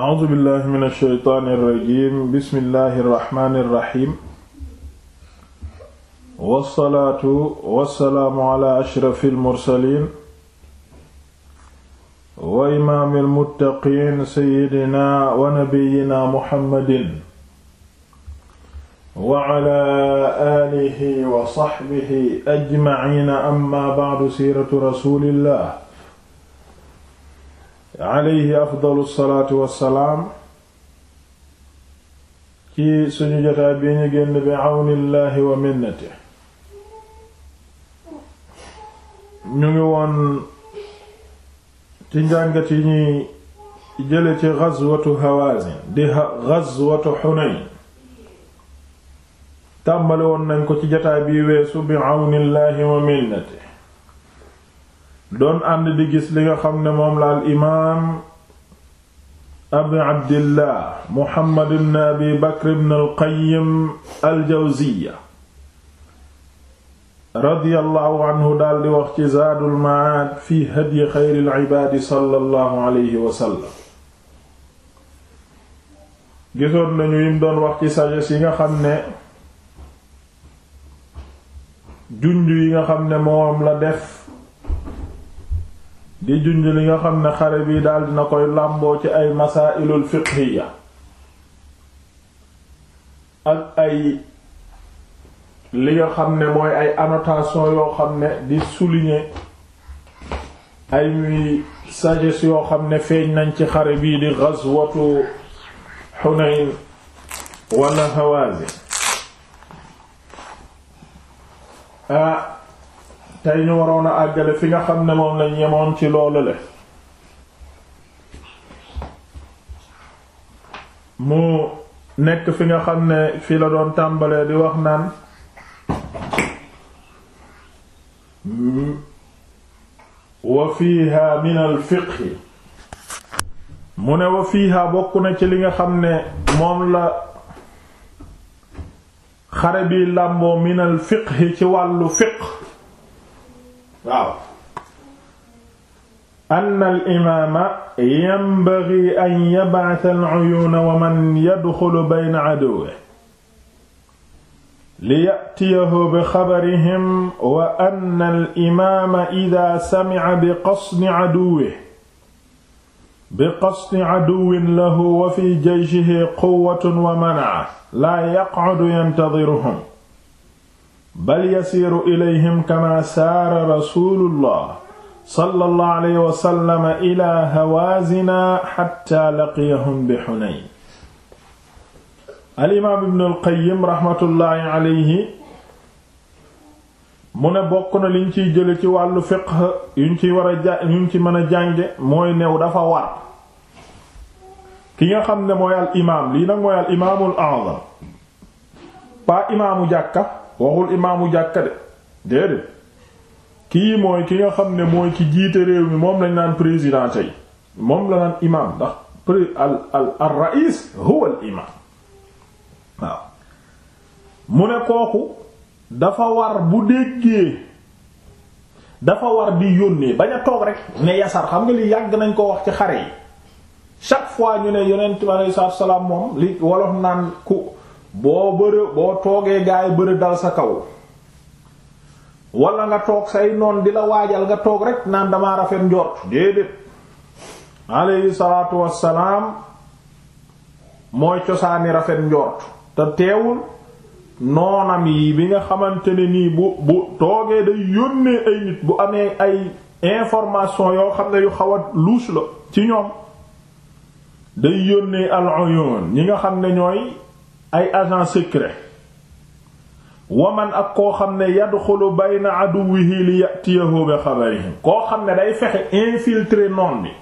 a'uuzu billahi min ash-shaytaani irrajim bismillahi irrahmaani irrahim wassalaatu wassalaamu ala ashrafi almursalin wa imaami almuttaqiin sayidina wa nabiyina muhammadin wa ala aalihi wa saxbihi ajmaciina amma ba'du siiratu rasulillah alayhi afdalu salaatu salaam ci suñu jotaay bi ñu génn bi àwnillaahi wa minnati ñu ngi woon ci njàngat yi ñuy jële ci di gazwatu xunayn tàmbali woon nañ ko ci jotaay bi weesu bi àwnillaahi wa minnati doon ànd di gis li nga xam ne moom la al imaam abu abdillah muhammad ibn abi bakr ibn al qayyim al jawziya radiyallahu anhu daal di wax ci zaadul ma'aad fi hadyi xayril ibaad sallallahu alayhi wa sallam gisoon nañu yim doon wax ci sagesse yi nga xam ne junj yi nga xam ne moom la def di junj li nga xam ne xare bii daal dina koy làmboo ci ay masaailul fiqhiya ak ay li nga xam ne mooy ay annotation yoo xam ne di souligner ay sagesse yoo xam ne feeñ nañ ci xare bii di ghazwatu Hunayn wala Hawazin ah tey ñu waroon a àggale fi nga xam ne moom la yemoon ci loole le mu nekk fi nga xam ne fi la doon tàmbalee di wax naan wa fiiha min al fiqhi mu ne wa fiiha bokk na ci li nga xam ne moom la xare bi làmboo min al fiqhi ci wàllu fiqh waaw ann alimaama yanbaghi an yab'atha al'uyuuna wa man yadxulu bayna aduwwihi liya'tiyahu bi xabarihim wa ann alimaama idhaa sami'a bi qasdi aduwwihi bi qasdi aduwwin lahu wa fii jayshihi quwwatun wa mana'a laa yaq'udu yantadhiruhum bal yasiiru ilayhim kama saara rasulullah sallallahu alayhi wa sallam ila hawaazina hatta laqiyahum bi hunayn alimaam ibn alqayim rahmatullahi alayhi mu ne bokk na liñ ci wàllu fiqh yuñ ci war a ci mën a jànge mooy new dafa war ki nga xam ne mooy al imaam lii nag mooy al imaamul a'zam pa jàkka waxul imaamu jàkka de déedéet kii mooy ki nga xam ne mooy ki jiite réew mi moom lañ naan président tey moom la naan imaam ndax pré al huwa al imaam mu ne kooku dafa war bu déggee dafa war bi yónnee bañ a toog rek ne yasar xam nga li yàgg nañ ko wax ci xare yi chaque fois ñu ne yonent bi aleyhi salaam moom li wolof naan ku boo bërë boo toogee gaa gaay bërë dal sa kaw wala nga toog say noon di la waajal nga toog rek naan damaa rafet njort déedéet aleyhi salaatu wassalaam mooy cosaani rafet njort te teewul noonam yi bi nga xamante ne nii bu bu toogee day yónnee ay nit bu amee ay information yoo xam ne yu xaw a louche la ci ñoom day yónnee al ñi nga xam ne ñooy ay agent secret waman ak koo xam ne na bayna aduwwihi li yatiyahu bi xabarihim koo xam ne day fexe infiltrer noon bi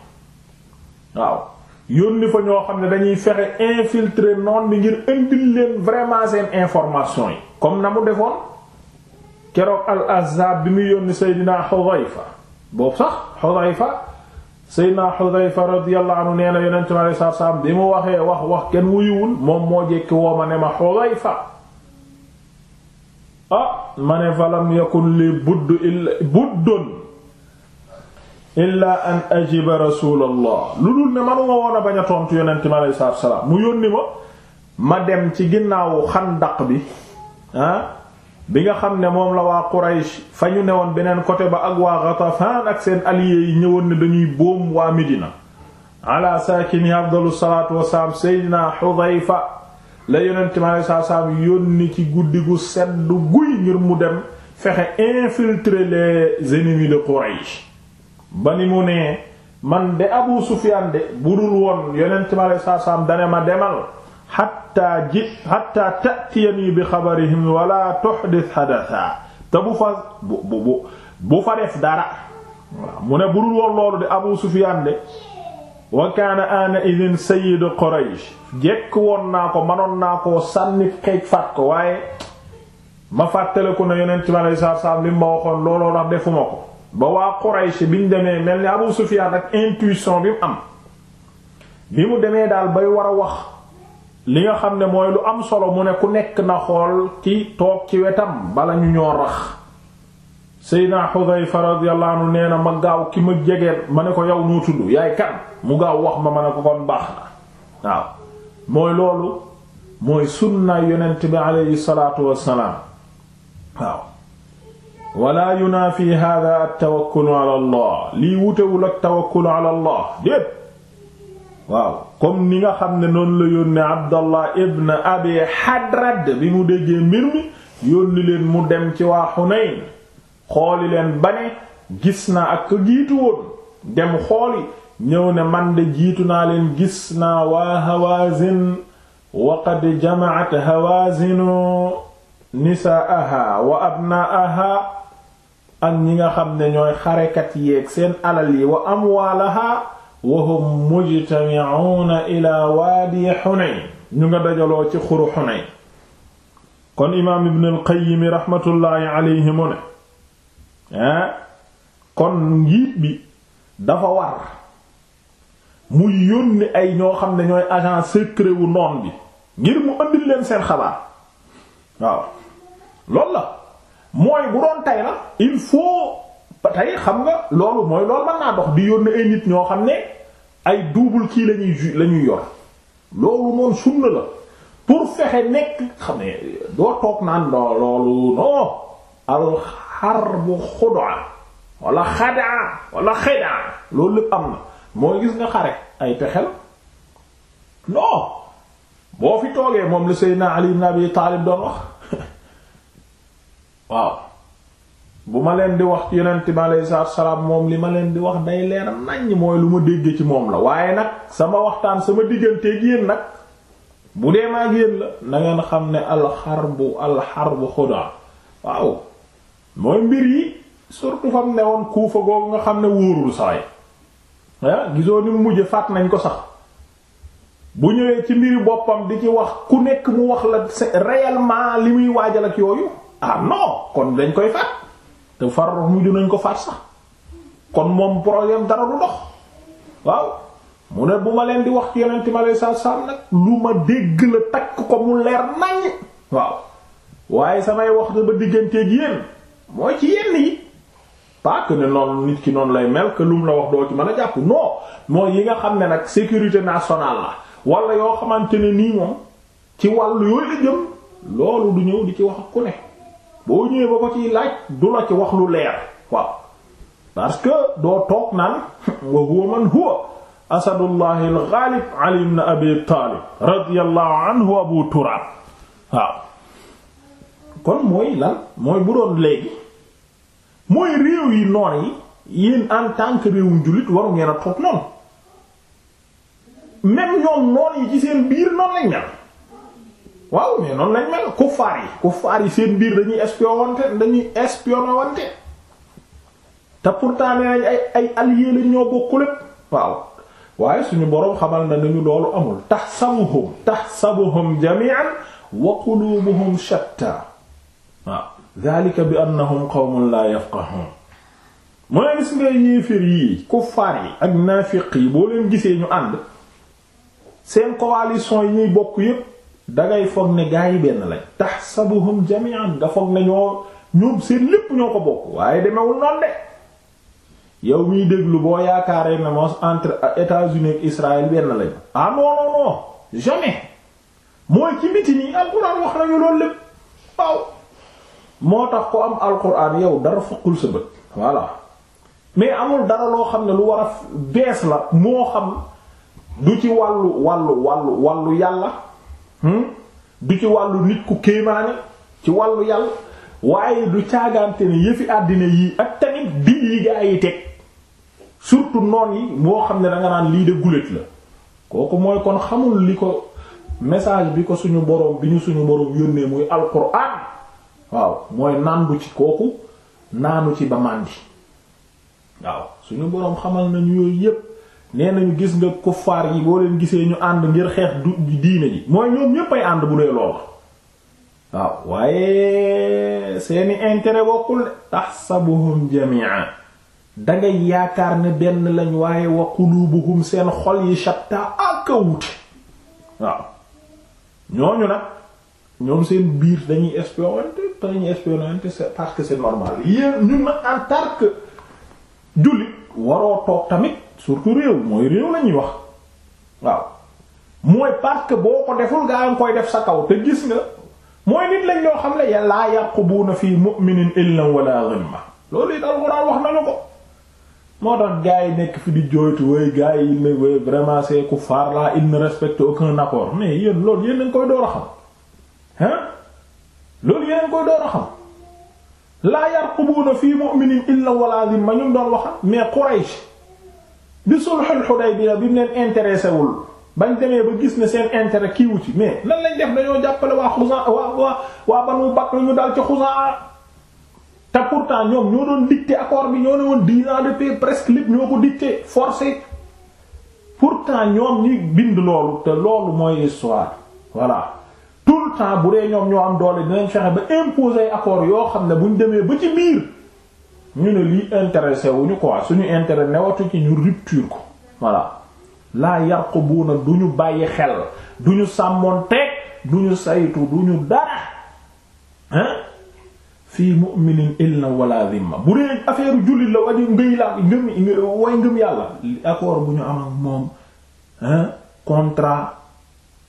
waaw yónni fa ñoo xam ne dañuy fexe infiltre noon bi ngir indil leen vraiment seen information yi comme na mu defoon keroog al azab bi mu yónni Seydina Xudayfa boobu sax Xudayfa Seydina Xudayfa radiyallahu anhu nee na yonentu Yàlla sallallahu alayhi wasallam bi mu waxee wax wax kenn wuyuwul moom moo jekki woo ma ne ma Xudayfa ah ma ne falam yakun li budd illa buddun illa an ajiba rasulallah lu dul ne manuma woon a bañ a tontu yonentu Yàlla sallallahu alayhi mu yónni ma ma dem ci ginnaawu xandaq bi ah, bi nga xam ne moom la waa Quraysh fa ñu ne woon beneen côté ba ak waa Ghatafan ak seen alliés yi ñëwoon na dañuy boom waa Medina ala saakini afdalu salaatu wasalaam Seydina Xudayfa la yonente mi alei saatu salaam yónni ci guddi gu sedd guy ngir mu dem fexe infiltrer les ennemis de Quraysh ba ni mu ne man de Abu Sufyaan de budul woon yonente mi alei saatu salaam dane ma demal xatta ji xatta tatiyani bi xabarihim wala tuhdith hadatha te bu fa bu bu bu fa def dara waaw mu ne bu dul woon loolu de Abu Sufyaan de wa kaana ana idin sayyid woon naa ko manoon naa koo sànni xeej ko waaye ma fàttaliku ne yonent mi alayhi salaatu salaam li ma bi mu demee mel ni Abu Sufyaan ak daal bay war a wax li nga xam ne mooy lu am solo mu ne ku nekk na xool ci toog ci wetam bala ñu ñoo rax Seydina Xudayfa radiyallahu anhu nee na ma gaaw ki ma jegeel ma ne ko yow noo tudd yaay kan mu gaaw wax ma ma ne ko kon baax na waaw mooy loolu mooy sunna yonent bi aleyhi salaatu wassalaam waaw wala yunaafi hada at-tawakkul ala lii wutewul ak tawakkul ala Allah waaw comme ni nga xam ne noonu la yónnee Abdallah ibn Abi Hadrad bi mu déggee mbir mi yónni leen mu dem ci waa Hunayn xooli leen ba ne gis naa ak ko jiitu woon dem xooli ñëw ne man de jiitu naa leen gis naa waa Hawazin wa jama'at Hawazinu nisaaha wa abnaaha ak ñi nga xam ne ñooy xarekat yeeg seen alal yi wa amwaalaha wa hum mujtami'uuna ilaa waadi Hunayn ñu nga dajaloo ci xuru Hunayn kon imaam Ibn al-Qayyim raxmatullaahi alayhi mu ne ah kon njiit bi dafa war mu yónni ay ñoo xam ne ñooy agent secret wu noon bi ngir mu andil leen seen xabaar waaw loolu la mooy bu doon tay la il faut. tey xam nga loolu mooy loolu mën naa dox di yónnee ay nit ñoo xam ne ay double kii lañuy ñuy ju la yor loolu noonu sunna la pour fexe nekk xam ne doo toog naan non loolu non alxarbu xudaa wala xadaa wala xadaa loolu lépp am na mooy gis nga xare ay pexe la boo fi toogee moom la Seydina Ali ibn Taalib doon wax waaw. bu ma leen di wax ci yonent bi aleyhi salaatu salaam moom li ma leen di wax day leer naññ mooy lu ma déggee ci moom la waaye nag sama waxtaan sama digganteeg yéen nag bu dee maa yéen la nangeen xam ne alxarbu alxarbu xudaa waaw mooy mbir yi surtout fam ne woon kuufa googu nga xam ne wóorul saxee ah gisoo ni mu mujj fàtt nañ ko sax bu ñëwee ci mbiri boppam di ci wax ku nekk mu wax la réellement li muy waajal ak yooyu ah non kon dañ koy faat. te Farruux mujj nañ ko faat sax kon moom problème dara du dox waaw mu ne bu ma leen di wax ci yeneen mi alayhi salaatu salaam nag lu ma dégg la takk ko mu leer nañ waaw waaye samay wax ba digganteeg yéen mooy ci yenn yi pas ne noonu nit ki noonu lay mel que lu mu la wax doo ci mën a jàpp non mooy yi nga xam ne nag sécurité nationale la wala yoo xamante ne nii moom ci wàllu yooyu la jëm loolu du ñëw di ci wax ak ku ne. boo ñëwee ba ko ciy laaj du la ci wax lu leer waaw parce que doo toog naan wa huwa man huwa asadullahi al-ghalib ali ibn abi taalib radiyallahu abu turaab waaw kon mooy lan mooy bu doon léegi mooy réew yi noon yi yéen en tant réewum jullit waru ngeen toog noonu même ñoom noon yi ci seen biir noonu lañ mel waaw mais noonu lañ mel kuffaar yi kuffaar yi seen biir dañuy espionante dañuy espionante te pourtant nee ay ay lañ ñoo bokk lépp waaw waaye suñu boroom xamal na nañu loolu amul tahsabuhum tahsabuhum jami'an wa qulubuhum shatta waaw dhalika bi annahum qawmun la yafqahun mu kuffaar yi ak naafiq yi boo leen gisee ñu ànd seen coalition yi ñuy bokk yépp dangay foog ne gaa benn lañ tahsabuhum jami'an nga foog ne ñoo ñoom seen lépp ñoo ko bokk waaye demewul noonu de yow miy déglu boo yaakaaree ne moos entre États-Unis ak Israël benn lañ ah non non non jamais mooy ci biti nii alxuraan wax nañu loolu lépp waaw moo tax ko am alxuraan yow dara fuqul sa bët voilà mais amul dara loo xam ne lu war a bees la moo xam du ci wàllu wàllu wàllu wàllu yàlla Hmm? du ci wàllu nit ku kéemaane ci wàllu yàlla waaye du caagante ne yëfi àddina yi ak tamit dil yi gaa yi teg surtout noon yi boo xam ne danga naan lii de gulet la kooku mooy kon xamul li ko message bi ko suñu boroom bi ñu suñu boroom yónnee muy alquran waaw mooy naan bu ci kooku naanu ci ba màndi waaw suñu boroom xamal nañu yooyu yépp nee nañu gis nga kuffaar yi boo leen gisee ñu ànd ngir xeex du diine ji mooy ñoom ñépp ay ànd bu dee lool waaw waaye seeni intérêt bokkul tahsabuhum jami'a dangay yaakaar ne benn lañ waaye wa qulubuhum seen xol yi shatta ak wute waaw ñooñu nag ñoom seen biir dañuy espionante dañuy espionante parce que c'est normal yéen ñun nag en jullit waroo tamit surtout réew mooy réew la ñuy wax waaw mooy parce boo ko deful gaa nga koy def sa kaw te gis nga mooy nit lañ ñoo xam ne laa yaqbuuna fi mu'minin illa wala ghimma loolu it alxuraan wax nañu ko yi nekk fi di jooytu way gars yi ne way vraiment c'est mais yéen loolu yéen nañ koy door a xam loolu yéen nañ koy door a xam laa yarqubuuna fi mu'minin illa wala ghimma ñu doon wax mais Quraysh bi sulhul Hudaybiya bi mu leen intéressé wul bañ demee ba gis ne seen intérêt kii wu ci mais nan lañ def dañoo jàppale waa Xuzaa waa waa waa Banu lu ñu dal ci Xuzaa te pourtant ñoom ñoo doon dicté accord bi ñoo ne woon dix ans de paix presque lépp ñoo ko dicté forcé pour pourtant ñoom ñi bind loolu te loolu mooy histoire voilà tout le temps bu dee ñoom ñoo am doole dinañ fexe ba imposer accord yoo xam ne buñ demee ba ci biir. ñu ne lii intéressé wuñu quoi suñu intérêt newatu ci ñu rupture ko voilà laa yar ko buuna du ñu bàyyi xel du ñu sàmmoon teg du ñu saytu du ñu dara hein fii mu'minin na wala dhimma bu dee affaire jullit la wadi ngëy la ngëm way ngëm yàlla accord bu ñu am ak moom hein contrat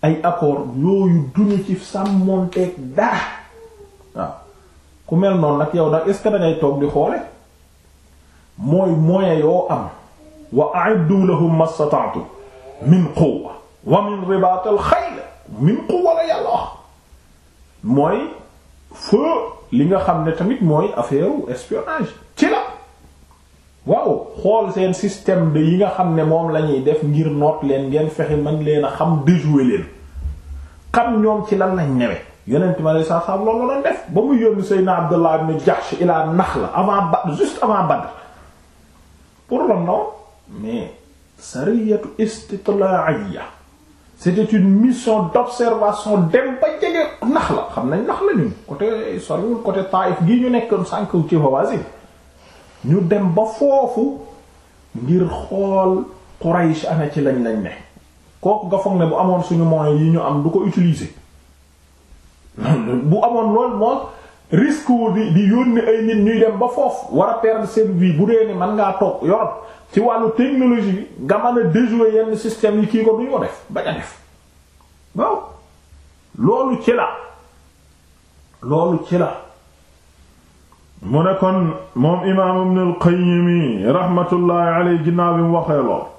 ay accord yooyu duñu ci sàmmoon teg dara waaw ku mel noonu nag yow nag est ce que toog di xoole mooy moyen yoo am wa a'iddu lahum min quwwa wa min ribat al xayl min quwwa la yàlla wax mooy feu li nga xam ne tamit mooy affaire espionnage ci la waaw xool seen système de yi nga xam ne moom lañuy def ngir noot leen ngeen fexe man leen a xam déjouer leen xam ñoom ci lan lañ newe yonent mi alayhi salaatu salaam loolu la doon def ba mu yónni Seydina Abdullah ibn Jahsh ila Nakhla avant Badr juste avant Badr pour lan la woon mais sariyatu istitla'iya c'était une mission d'observation dem ba jege Nakhla xam nañ Nakhla ñun côté soriwul côté Taïf gii ñu nekkoon sànq ci Hawazin ñu dem ba foofu ngir xool Quraysh ana ci lañ lañ ne kooku nga foog ne bu amoon suñu moyens yi ñu am du ko utiliser. bu amoon lool moom risque wu di di yónni ay nit ñuy dem ba foofu war a perdre seen bu dee ne mën ngaa toog Europe ci wàllu technologie bi nga mën a déjouer yenn système yi kii ko duñ ko def bañ a def waaw loolu ci la loolu mu ne kon moom imaam Ibn al-Qayyim rahmatullahi alayhi ginnaaw bi mu waxee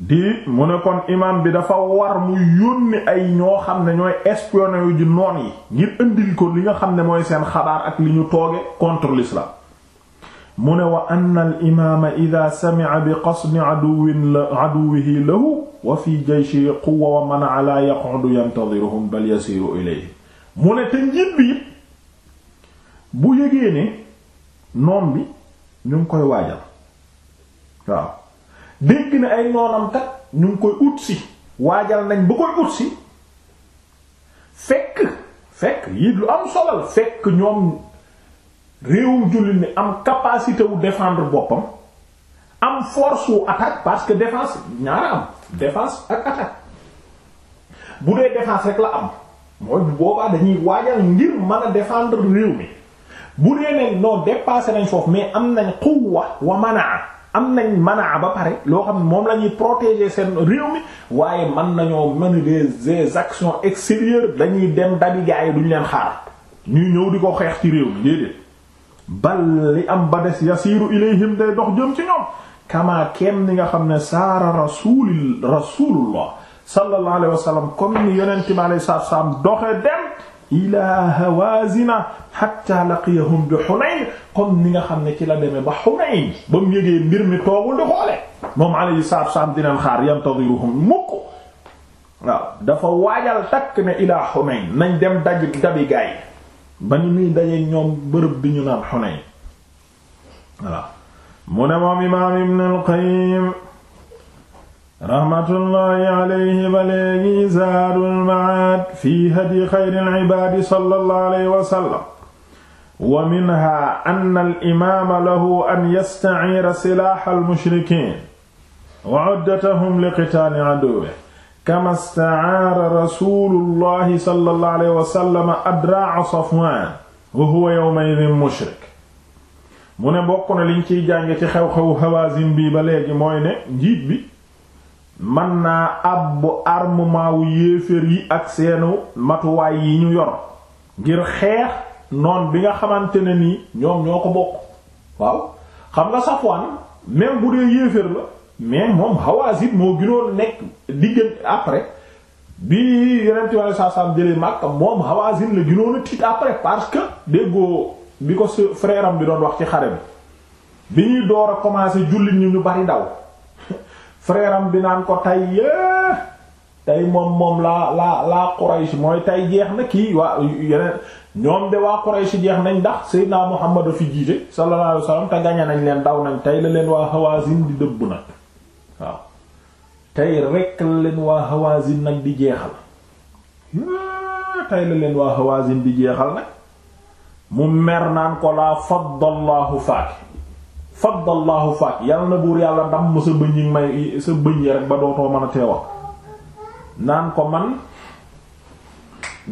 di mu ne kon imam bi dafa war mu yónni ay ñoo xam ne ñooy espionné ji noon yi ngir indil ko li nga xam ne mooy seen xabaar ak li ñu tooge contre l'islam mu ne wa anna al ida sami'a bi qasdi aduwin aduwihi lahu wa fi jayshi quwwa wa mana'a la yaqudu yantadhiruhum bal yasiru ilayhi mu ne te njiit bi bu yëgee ne noon bi ñu ngi koy waajal waaw dégg na ay noonam kat ñu ngi koy ut si waajal nañ bu koy ut si fekk fekk yi lu am solo la fekk ñoom réewum jullit ni am capacité wu défendre boppam am force wu attaque parce que défense ñaara am défense ak attaque bu dee défense rek la am mooy bu boobaa dañuy waajal ngir mën a défendre réew mi bu dee ne non nañ foofu mais am nañ quwwa wa manaa am nañ manaa ba pare loo xam ne moom lañuy ñuy seen réew mi waaye man nañoo mener des des actions extérieures dañuy dem dabi gaa yi duñ leen xaar ñuy ñëw di ko xeex ci réew mi déedéet bal li am ba des yasiiru ilayhim day dox jëm ci ñoom kama kenn ni nga xam ne saara rasul rasulullah sallallahu alayhi wa sallam comme ni yonent bi alayhi salaam doxe dem ilaa hawazina hatta laqiyahum bi Hunayn comme ni nga xam ne ci la demee ba Hunayn ba mu yëgee mbir mi toogul di xoole moom alayhi salaatu wa salaam dinañ xaar yantadiruhum mukk waaw dafa waajal takk ne ilaa Hunayn nañ dem daj dabi gaay ba ni muy dajee ñoom bërëb bi ñu naan Hunayn mu ne moom imaam Ibn al-Qayyim raxmatullahi alayhi ba léegi zaadul maad fi hadyi xayril ibaadi sallallahu alayhi wa sallam wa minha anna al-imaama lahu an yastaciira silaaxal mushrikiin wa uddatahum liqitaali aduwwihi kamaa stacaara rasuulullahi sallallahu alayhi wa sallam adraaca Safwaan wa huwa yawmaidin mushrik mu ne bokk na liñ ciy jànge ci xew-xewu Hawaazin bi ba léegi mooy ne njiit bi man naa àbb armement wu yéeféer yi ak seenu matuwaay yi ñu yor ngir xeex noon bi nga xamante ne ni ñoom ñoo ko bokk waaw xam nga Safwan même bu dee yéeféer la mais moom Hawazin moo gënoon nekk diggante après bi yeneen wala saa saam jëlee Makka moom Hawazin la gënoon a tiit après parce que déggoo bi ko frère am bi doon wax ci xare bi bi ñuy door a commencer jullit ñu ñu bari daw frère bi naan ko tay yée tey moom moom laa laa laa Quraysh mooy tay jeex na kii waa yeneen ñoom de waa Quraysh jeex nañ ndax Seydina Muhammad a fi jiite sallallahu alayhi wasallam te gañe nañ leen daw nañ tey la leen waa Hawazin di dëbb nag waaw tey rekk la leen waa Hawazin nag di jeexal tey la leen waa Hawazin di jeexal nag mu mer naan ko laa faddallahu faaki faddallahu faak yàlla na buur yàlla damm sa bëñ yi may sa bëñ yi rek ba dootoo mën a teewal naan ko man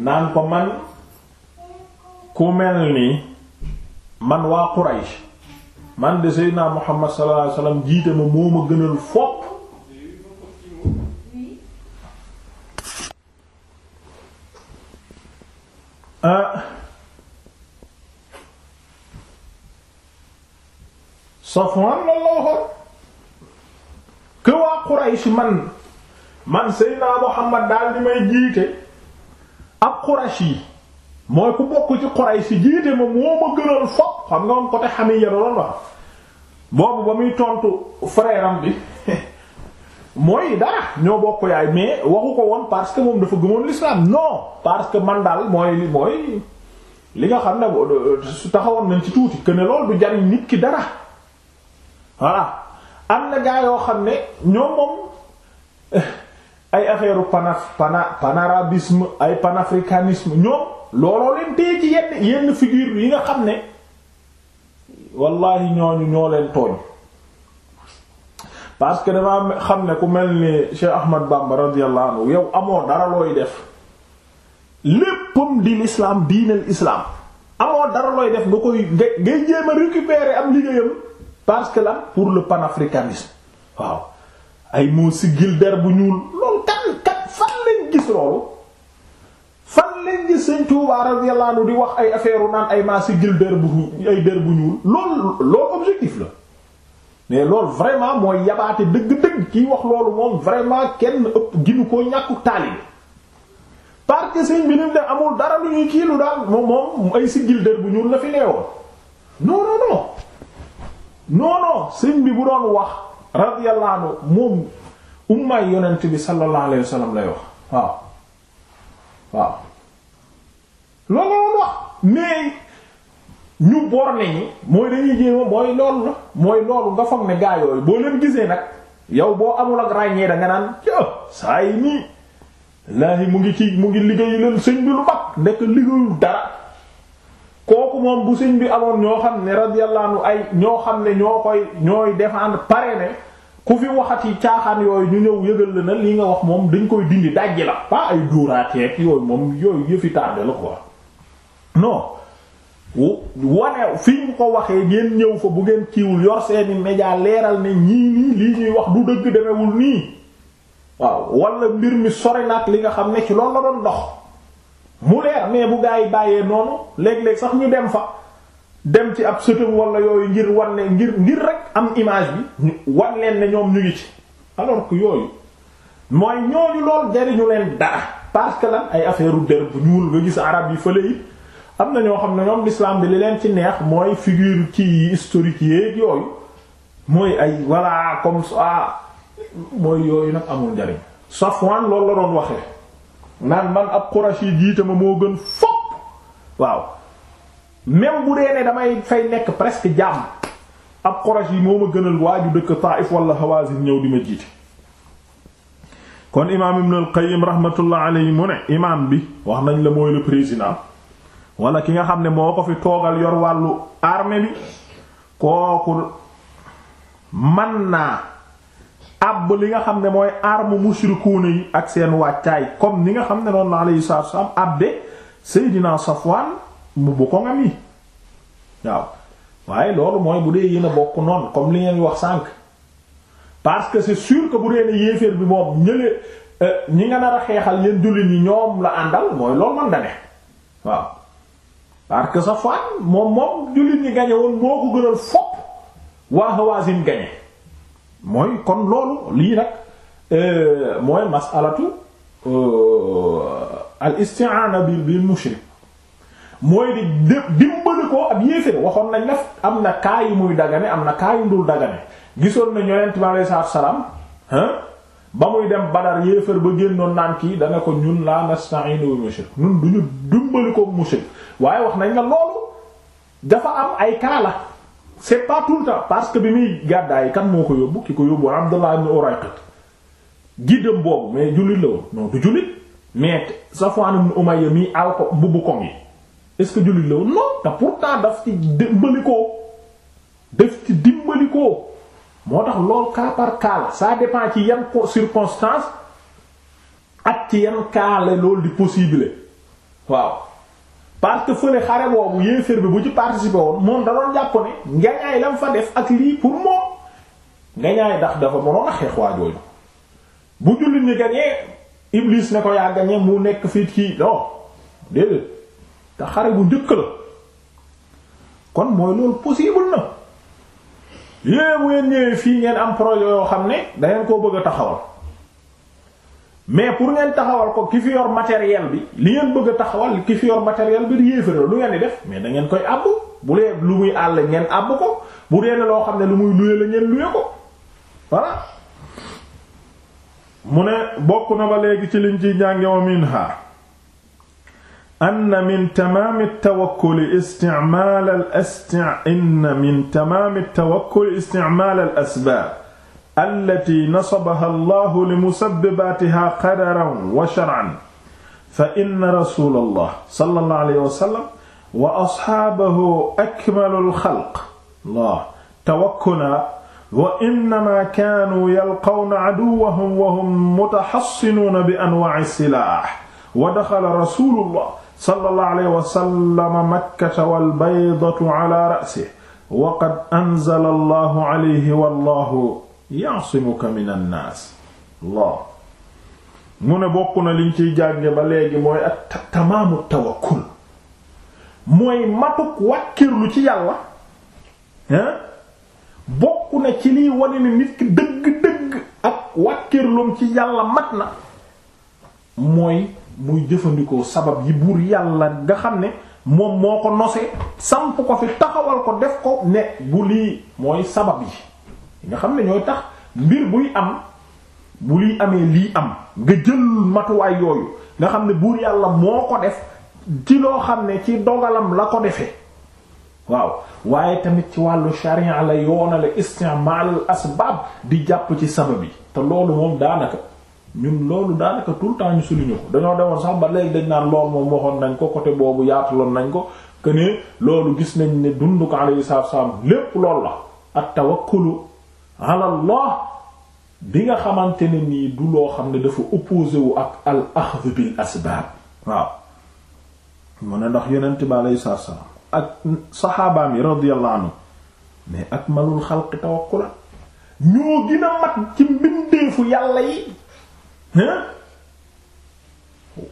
naan ko man ku mel ni man waa Quraysh man de Seydina Muhammad sallallahu alayhi wasallam jiite ma moo ma gënal fopp ah. Safwan la waxoon que waa Quraysh man man Seydina Muhammad daal di may jiite ab Quraysh mooy ku bokk ci Quraysh yi jiite ma moo ma gënal foog xam nga woon côté Hamiyya doon wax boobu ba muy tontu frère bi mooy dara ñoo bokk yaay mais waxu ko woon parce que moom dafa gëmoon l'islam non parce que man daal mooy mooy li nga xam ne taxawoon nañ ci tuuti que ne loolu du jariñ nit ki dara. voilà am na gaa yoo xam ne ñoom moom ay affaire panaf pana panarabisme ay panafricanisme ñoom looloo leen téye ci yenn yenn figure yi nga xam ne wallahi ñooñu ñoo leen tooñ parce que dama xam ne ku mel ni Cheikh Ahmad Bamba radiyallahu anhu yow amoo dara looy def léppam di l'islam diinal islam amoo dara looy def nga koy ngay jéem a am liggéeyam parce que la pour le panafricanisme waaw ay moo siggil der bu ñuul loolu kan kan fan lañ gis loolu fan lañ gis Sëriñ Tuubaa radiyallahu anhu di wax ay affaire u naan ay maa siggil der bu ay der bu ñuul loolu loolu objectif la mais loolu vraiment moo yabaate dëgg-dëgg kiy wax loolu moom vraiment kenn ëpp ginu koo ñàkku taalibe parce que sëñ bi ni de amul dara lu ñuy kii lu daal moom moom ay siggil der bu ñuul la fi neewoon non non non. non non sëñ bi bu doon wax radiyallahu anhu moom ummaay yonent bi sallallahu alayhi lay wax waaw waaw loolu la wax mais ñu borne mooy loolu la nga foog ne gaa boo leen gisee nag yow boo amul ak ràññee da nga naan yow saa yi nii laahi mu ngi ci mu ngi liggéey leen sëñ bi lu mag nekk liggéeyul dara kooku moom bu sëñ bi amoon ñoo xam ne radiyallahu anhu ay ñoo xam ne ñoo koy ñooy défendre pare ne ku fi waxat waxati caaxaan yooyu ñu ñëw yëgal la na li nga wax moom dañ koy dindi dajji la pas ay duuraateeg yooyu moom yooyu yëfi tardé la quoi non wane fii ñu ko waxee ngeen ñëw fa bu ngeen kiiwul yor seeni média leeral ne ñii nii lii ñuy wax du dëgg demewul nii waaw wala mbir mi sori na li nga xam ne ci loolu la doon dox mu leer mais bu gaa yi bàyyee noonu léeg-léeg sax ñu dem fa dem ci ab sëtëm wala yooyu ngir wan ne ngir ngir rek am image bi wan leen ne ñoom ñu ngi ci alors que yooyu mooy ñooñu lool jariñu leen dara parce que lan ay affaire u bu ñuul nga gis arab yi fële yi am na ñoo xam ne ñoom l'islam bi li leen ci neex mooy figure ci historique yeeg yooyu mooy ay voilà comme ça mooy yooyu nag amul njariñ Safwan loolu la doon waxee naan man ab Qurashi jiite ma moo gën fopp waaw même bu dee ne damay fay nekk presque jàmm ab Qurashi moo ma gënal waaju dëkk Taif wala Hawazin ñëw di ma jiite kon imaam Ibn al-Qayyim mu ne imaam bi wax nañ la mooy le président walla ki nga xam ne moo ko fi toogal yor wàllu armée kooku man naa àbb li nga xam ne mooy arme mushrikuuna yi ak seen wàccaay comme ni nga xam ne noonu la alayhi salaatu wa salaam abbe Seydina Safwaan mu bu ko nga mi waaw waaye loolu mooy bu dee yéen a bokk noonu comme li ngeen wax sànq parce que c'est sûr que bu dee ne yéeféer bi moom ñële euh, ñi nga nar xeexal leen jullit yi ñoom la àndal mooy loolu man dane waaw parce que Safwaan moom moom jullit ñi gañe woon moo ko gënal fopp waa Hawaazin gañe mooy kon loolu lii nag euh, mooy masalatu euh, al isti'ana bi bil mushrik mooy di dimbali ko ab yéeféer waxoon nañ def am na kaa yi muy dagane am na kaa yu dul dagane gisoon nañu yonent bi alayhi salaatu salaam ba muy dem Badar yéeféer ba génnoon naan kii dana ko ñun la nasta'inu bil mushrik ñun duñu dimbali ko mushrik waaye wax nañ la loolu dafa am ay kaala c'est pas tout le parce que bi muy gàddaay kan moo ko yóbbu ki ko yóbbu Abdullah ibn Urayqit giddam boobu mais jullit la woon non du jullit mais Safwan ibn Umayya mi al ko bubbu koŋ yi est jullit la woon non te pourtant daf ci dimbali ko ci dimbali moo tax loolu cas par cas la ça ci yan ko circonstance ci yan cas la di possible waaw parce que fële xare boobu yéeféer bi bu ci participer woon moom da doon jàpp ne ngañaay lam fa def ak lii pour moom ngañaay ndax dafa mënoon a xeex waa jooju bu jullit ñi gañee Iblis ne ko yaa gañee mu nekk fii ci non déedéet te xare bu njëkk la kon mooy loolu possible na yéen bu ngeen ñëwee fii ngeen am projet yoo xam ne dangeen koo bëgg a taxawal. mais pour ngeen taxawal ko ki fi yor bi li ngeen bëgg a taxawal ki fi matériel bi di yéefara lu ngeen di def mais da ngeen koy àbb bu dee lu muy àll ngeen àbb ko bu dee loo xam ne lu muy luye la ngeen luye ko voilà. mu ne bokk na ba léegi ci liñ ci jànge wa minha anna min tamaam at-tawakkul isti'maal min tamaam at isti'maal al asbaab allati nasabaha allahu li musabbibaatiha qadaran wa shar'an fa inna rasulallah sallallahu alayhi wa sallam wa asxaabahu akmalul xalq allah tawakkunaa wa innamaa kaanuu yalqawna aduwwahum wa hum mutaxassinuuna bi anwaa'i silaax wa daxala rasuulullah sallallahu alayhi wa sallam makkata wal baydatu alaa ra'sihi wa qad anzala allahu alayhi wallaahu ya'simuka minan naas Allah mu ne bokk na liñ ciy jànge ba léegi mooy ak tamaamu tawakkul mooy matuk wàkkirlu ci yàlla hein bokk na ci liy wane ni nit ki dëgg-dëgg ak wàkkirlum ci yàlla mat na mooy muy jëfandikoo sabab yi buur yàlla nga xam ne moom moo ko nose samp ko fi taxawal ko def ko ne bu lii mooy sabab yi nga xam ne ñoo tax mbir buy am bu liy amee lii am nga jël matuwaay yooyu nga xam ne buur yàlla moo ko def ci loo xam ne ci dogalam la ko defee waaw waaye tamit ci wàllu sharia la yoonale istimaalul asbaab di jàpp ci sabab yi te loolu moom daanaka ñun loolu daanaka tout le temps ñu souligné ko dañoo demoon sax ba léegi dañ naan lool moom waxoon nañ ko côté boobu yaatuloon nañ ko que loolu gis nañ ne dund ko alayhi salaam lépp lool la at tawakkulu alallah bi nga xamante ne nii du loo xam ne dafa opposé wu ak al axd bil asbaab waaw mu ne ndax yonent bi aleyhi salaatu salaam ak saxaabaam yi radiyallahu mais ak malul xalqi tawakkula ñoo gën a mat ci mbindeefu yàlla yi hein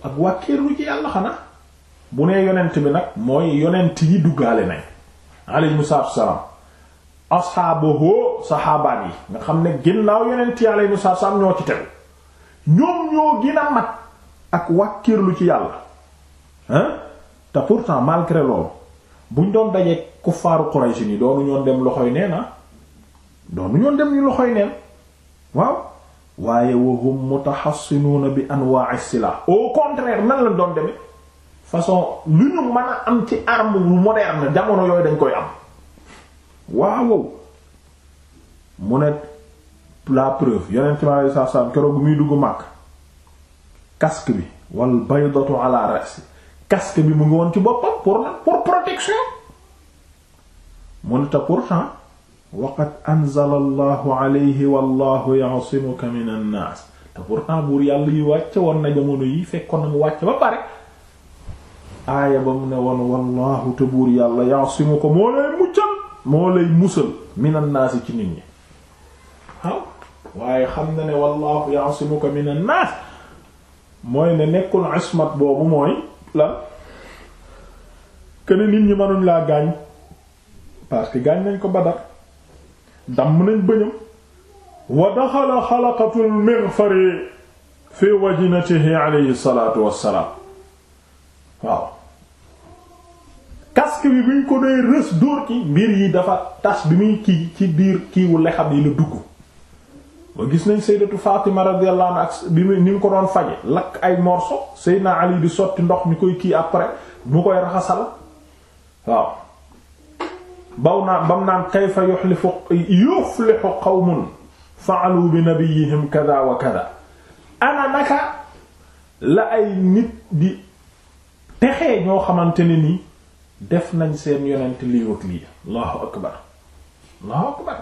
ak wàkkeeru ci yàlla xanaa bu nee yonent bi nag mooy yonent yi duggaale nañ aleyhimu salaatu salaam asxaabahoo saxaabaan yi nga xam ne ginnaaw yonent yàlla yi mu ñoo ci tegu ñoom ñoo gën a mat ak wàkkirlu ci yàlla hein te pourtant malgré loolu buñ doon dajee kuffaaru Quraysh ni doonu ñoon dem loxoy neen ah doonu ñoon dem ñu loxoy neen waaw waaye wahum mutaxassinuuna bi anwaa'i silah au contraire nan lañ doon demee façon lu ñu mën a am ci arme bu moderne jamono yooyu dañ koy am waaw mu ne la preuve yonent mi alayhi salaatu salaam keroog muy dugg màkk casque bi wal baydatu ala rasi casque bi mu ngi woon ci boppam pour pour protection mu ne te pourtant waqad anzala allahu alayhi wallahu min an-nas te pourtant buur yàlla yi wàcc woon na jamono yi fekkoon na mu wàcce ba pare aaya ba mu ne woon wallahu te buur yàlla ya'simuka moo lay muccal moo lay musal minan ci nit ñi waaw waaye xam na ne wallahu ya'simuka minan naas mooy ne nekkul ismat boobu mooy lan kene nit ñi manuñ laa gaañ parce que gaañ nañ ko Badar damm nañ bëñam wa daxala xalaqatul mighfari fi wajinatihi alayhi salaatu wassalaam waaw casque bi buñ ko doy rës dóor ci mbir yi dafa tas bi muy kii ci biir kiiwu lexam yi la dugg ba gis nañ sayyidatu Fatima radiyallahu anha ak bi mu ko doon faje lakk ay morso sayyidina Ali di sotti ndox mi koy kii après mu koy raxasal waaw baw naa bam naan kayfa yuxlifu yuflihu qawmun fa'alu bi nabiyyihim kada wa kada ana naka la ay nit di texee ñoo xamante ne nii def nañ seen yonent lii ak lii allahu akbar allahu akbar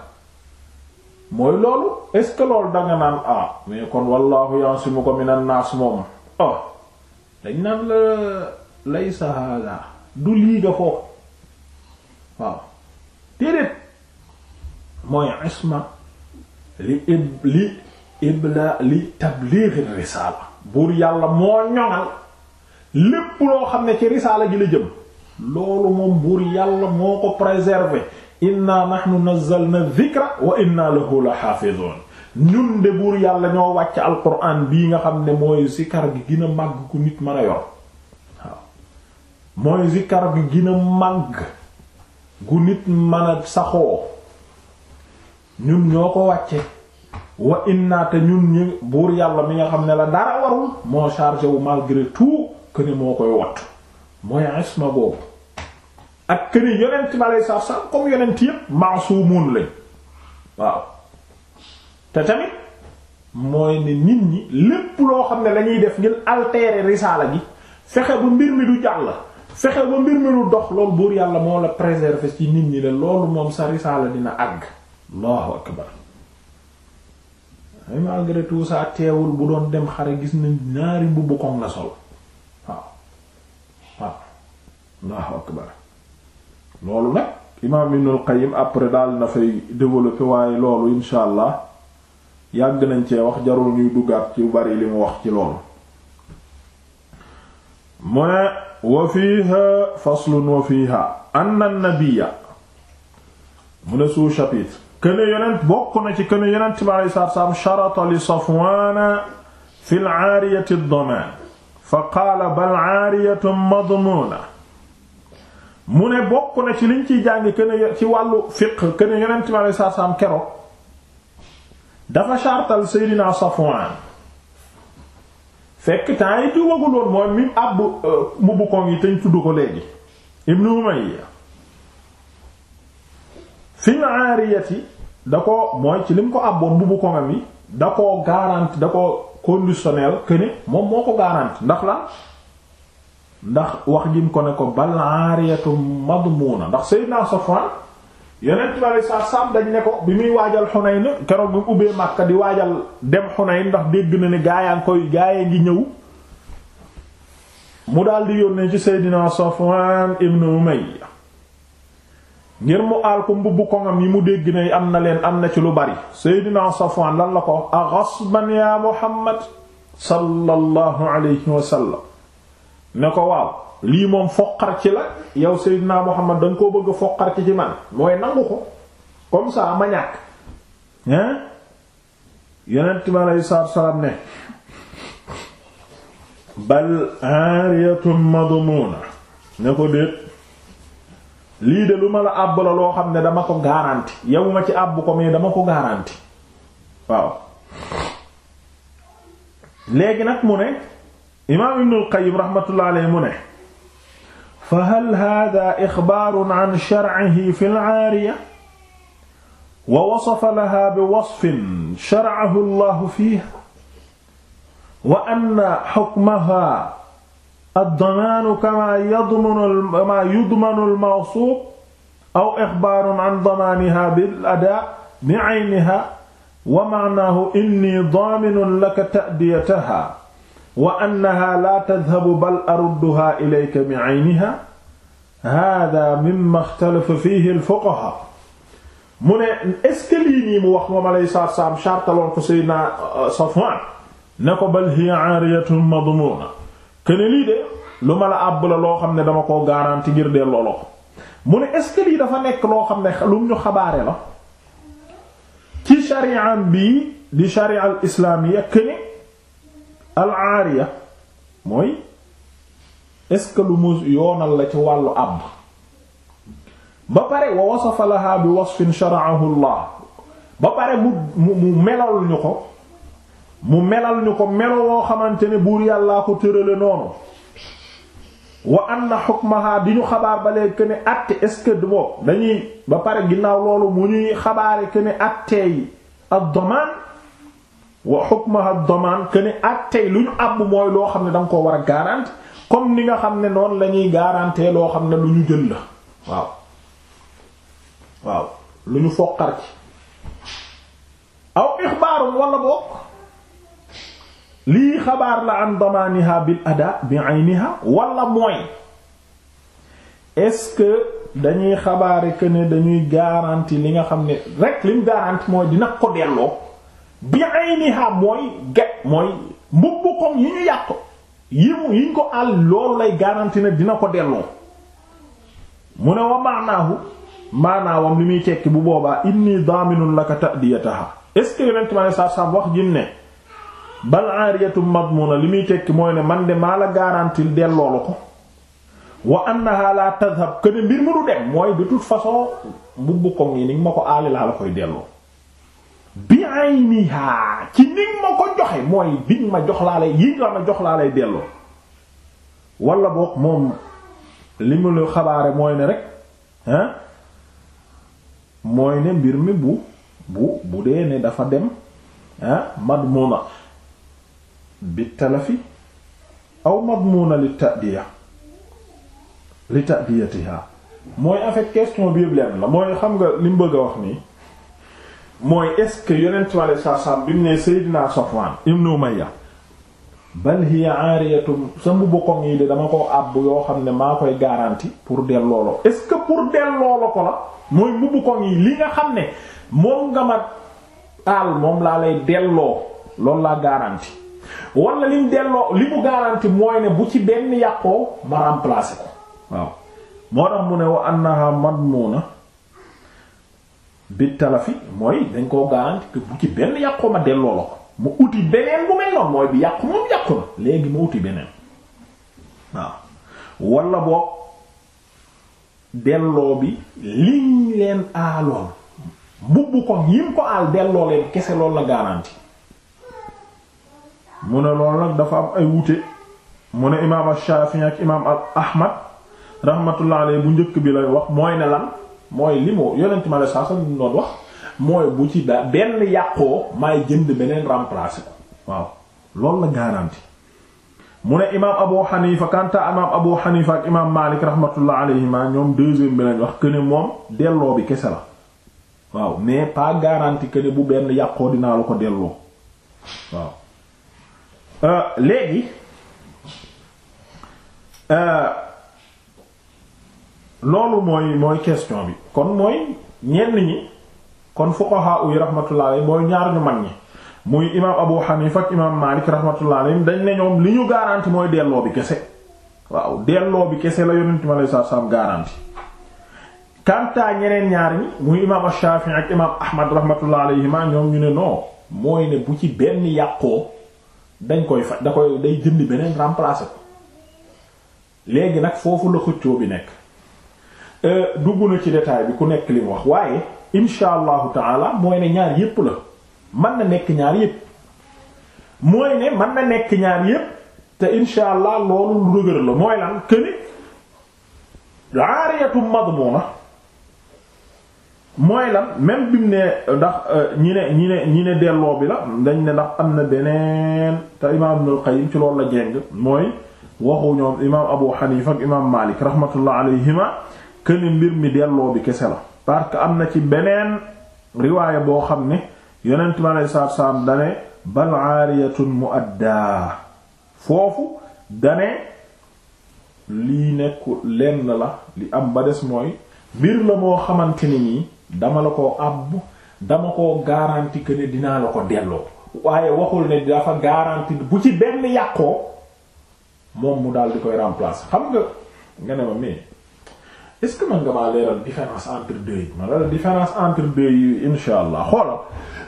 mooy loolu est-ce que loolu danga naan ah mais kon wallahu yansimuka minan naas moom ah dañ naan la laysa hada du lii nga foofu waaw téeréet mooy isma li ibla li tabligh risaala buur yàlla moo ñoŋal lépp loo xam ne ci risaala gi la jëm loolu moom buur yàlla moo ko préserver inna nahnu nazzalna dhikra wa inna lahu la hafizun ñun de buur yàlla ñoo wàcc alquran bii nga xam ne mooy zikar gi gën a màgg ku nit mën a yor waaw mooy zikar gi màgg gu nit mën a saxoo ñun ñoo ko wàcce wa inna te ñun ñi buur yàlla mi nga xam ne la dara warul moo chargé wu malgré tout que ne moo koy wattu mooy isma boobu ak këni yonent mi aleyhi salaatu salaam yonent yépp maasuumun lañ waaw te tamit mooy ne nit ñi lépp loo xam ne lañuy def ngir altérer risaala bi fexe ba mbir mi du jàll fexe ba mbir mi du dox loolu buur yàlla moo la préserver ci nit ñi la loolu moom sa risaala dina àgg allahu akbar malgré tout teewul bu doon dem xare gis nañ ñaari mbubb koŋ la sol Allahu akbar loolu nag imaam Ibnul Qayyim après daal na fay développer waaye loolu insha allah yàgg nañ cee wax jarul ñuy duggaat ci bari li wax ci loolu mu ne wa fiha faslun wa fiha anna nabiyya mu ne sous chapitre këne yonent bokk na ci këne yonent bi alei satu salaam sharata li safwaana fi l aariyati damaan fa bal aariyatu madmuuna mu ne bokk na ci liñ ciy jàng kene ci wàllu fiqh kene yonent mi alei sat salaam keroog dafa chartal Seydina Safwan fekk temps yi tuubagul woon mooy mi àbb euh, mubbu koŋ yi te ñu tudd ko léegi Ibnu Umayya fil aariyati da ko mooy ci lim ko àbboon mubbu koŋam yi da koo garanti da ko conditionnel que moom moo ko garanti ndax la ndax wax jim ko ne ko bal aariyatu madmuuna ndax Seydina Safwan yeneen ma sa sam dañ ne ko bi muy waajal Hunayn keroog bi mu ubbee Makka di waajal dem Hunayn ndax dégg na ne gaayaa ngi koy gaayee ngi ñëw mu daal di yónnee ci Seydina Safwan ibn Umayya ngir mu aal mbubb koŋam yi mu dégg ne am na leen am na ci lu bari Seydina Safwan lan la ko a ghasban ya Muhammad sallallahu alayhi wa ne ko waaw lii moom foqar ci la yow Seydina Muhammad da nga koo bëgg a foqar ci ci man mooy nangu ko comme ça ma ñàkk hein yonent bi aleyhi salaatu salaam ne ko déet lii de lu ma la àbb la loo xam ne dama ko garanti yow ma ci àbb ko mais dama ko garanti waaw léegi nag mu ne imaam ibnul qayyim raxmatullahi alayhi mu ne fa hal haadaa ixbaarun an sharcihi fi al-aariya wa wasafa lahaa bi wasfin sharcahu Allahu fiihaa wa anna xukmahaa ad-damaanu kamaa yadmanu kamaa yudmanu al-mawsuuf aw ixbaarun an damaanihaa bil-adaa bi'aynihaa wa macnaahu innii daaminun laka ta'diyatahaa wa annaha la tadhabu bal arudduha ilayka bi ayniha hada mimma ixtalafa fihi al fuqaha mu ne est-ce que lii nii mu wax moom alayhi salaatu salaam shartaloon ko Seydina euh, Safwan ne ko bal hiya aariyatun madmuuna kene lii de lu ma la àbb la loo xam ne dama koo garanti ngir dee looloo mu ne est-ce que lii dafa nekk loo xam ne lum ñu xabaare la ci shari'am bii di shari'al islaamiyya kene al aariya mooy est-ce que lu mu yoonal la ci wàllu àbb ba pare wa wasafa laha bi wasfin shara'ahu llah ba pare mu mu melal ñu ko mu melal ñu ko melo woo xamante ne buur yàllaa ko tërale noonu wa anna hukmaha di ñu xabaar ba léegi que ne àtte est-ce que du dañuy ba pare ginnaaw loolu mu ñuy xabaare que ne àtte yi wa hukmuha ad-daman que ne àttey lu ñu àbb mooy loo xam ne da nga koo war a garanti comme li nga xam ne noonu la ñuy garantee loo xam ne lu ñu jël la waaw waaw lu ñu foqar ci aw ixbaarum wala boog lii xabaar la an damaniha bil ada bi ayniha wala mooy est-ce dañuy xabaari que ne dañuy garanti li nga xam ne rek li mu garanti mooy dina ko delloo bi ayniha mooy get mooy mbubbu koŋ yi ñu yàq yi mu yi ñu ko àll loolu lay garanti na dina ko delloo mu ne wa maanaahu maanaawam li muy tekki bu boobaa inni daaminun laka ta'diyataha est ce que ma ne saab saab wax jim ne bal madmuna li muy tekki mooy ne man de maa la garantil delloo la ko wa annaha la tadhhab que ne mbir mu du dem mooy de toute façon mbubbu koŋ yi ni ma ko aali laa la koy delloo bi ayniha ci ning ma ko joxe mooy biñ ma jox laa lay yiñ la ma jox laa lay delloo wala boog moom li mu la xabaare mooy ne rek hein mooy ne mbir mi bu bu bu dee ne dafa dem hein madmuna bi talafi aw madmuna li ta'diya li ta'diyatiha mooy en question bi yëpp lenn mooy xam nga li mu bëgg a wax nii mooy est-ce que yonent mi aleyhi salaatu salaam bi mu ne Seydina Safwan ibn Umayya bal hiya aariyatum de dama ko àbb yoo xam ne maa koy garanti pour delloo la est-ce que pour delloo la ko la mooy mbubb koŋ yi li nga xam ne moom nga ma aal moom laa lay delloo loolu laa garanti wala li delloo li mu garanti mooy ne bu ci benn yàqoo ma remplacer ko waaw moo tax mu ne wa annaha madmuna bi mooy dañ koo garanti que bu ci benn yàqu ma delloo la ko mu uti beneen bu mel noonu mooy bi yàqu moom yàqu na léegi mu uti beneen waaw wala boo delloo bi liñ leen aaloon bubbu ko yim ko aal delloo leen kese lool la garanti mu ne loolu nag dafa am ay wute mu ne imaam al Shafi'i ak imaam al Ahmad rahmatullah alayhi bu njëkk bi lay wax mooy ne lan mooy li mu ma la saa sax ñu doon wax mooy bu ci da benn yàqoo maay jënd beneen remplacer ko waaw loolu la garanti mu ne imaam Abu Hanifa kanta imaam Abu Hanifa ak imaam Malik rahmatullah alayhima ñoom deuxième bi lañ wax que moom delloo bi kese la waaw mais pas garanti que bu benn yàqoo dinaa la ko delloo waaw euh, léegi. Euh, loolu mooy mooy question bi kon mooy ñenn ñi kon fuqaha uy rahmatullah alayhi mooy ñaar ñu mag ñi muy imaam Abu Hanifa ak imaam Malik rahmatullah alayhi dañ ne ñoom li ñu garanti mooy delloo bi kese waaw delloo bi kese la yonent mi alayhi salaatu salaam garanti kantaa ñeneen ñaar ñi muy imaam Shafi'i ak imaam Ahmad rahmatullah alayhima ñoom ñu ne non mooy ne bu ci benn yàqoo dañ koy faj da koy day jënd beneen remplacer ko léegi nag foofu la xëccoo bi nekk Euh, dugg na ci détail bi ku nekk li wax waaye insha allahu taala mooy ne ñaar yépp la man na nekk ñaar yépp mooy ne mën na nekk ñaar yépp te insha allah loolu lu dëgër la mooy lan këni aariyatu madmuna même bi mu ndax euh, ñi ne ñi ne ñi ne delloo bi la dañ ne ndax am na beneen te imaam ci loolu la jéng mooy waxu ñoom imaam Abu Hanifa imaam Maalik rahmatullah alayhima këni mbir mi delloo bi kese la parce que am na ci beneen riwaaya boo xam ne yonent mi aleyhi salaatu salaam dane bal aariyatun muaddaa foofu dane lii nekku lenn la li am ba des mooy mbir la moo xamante ni nii dama la ko àbb dama ko garanti que dinaa la ko delloo waaye waxul ne dafa garanti bu ci benn yàqoo moom mu daal di koy remplacer xam nga nga ne ma mais est-ce que mën nga maa leeral différence entre deux yi ma leeral différence entre deux yi insha allah xoolal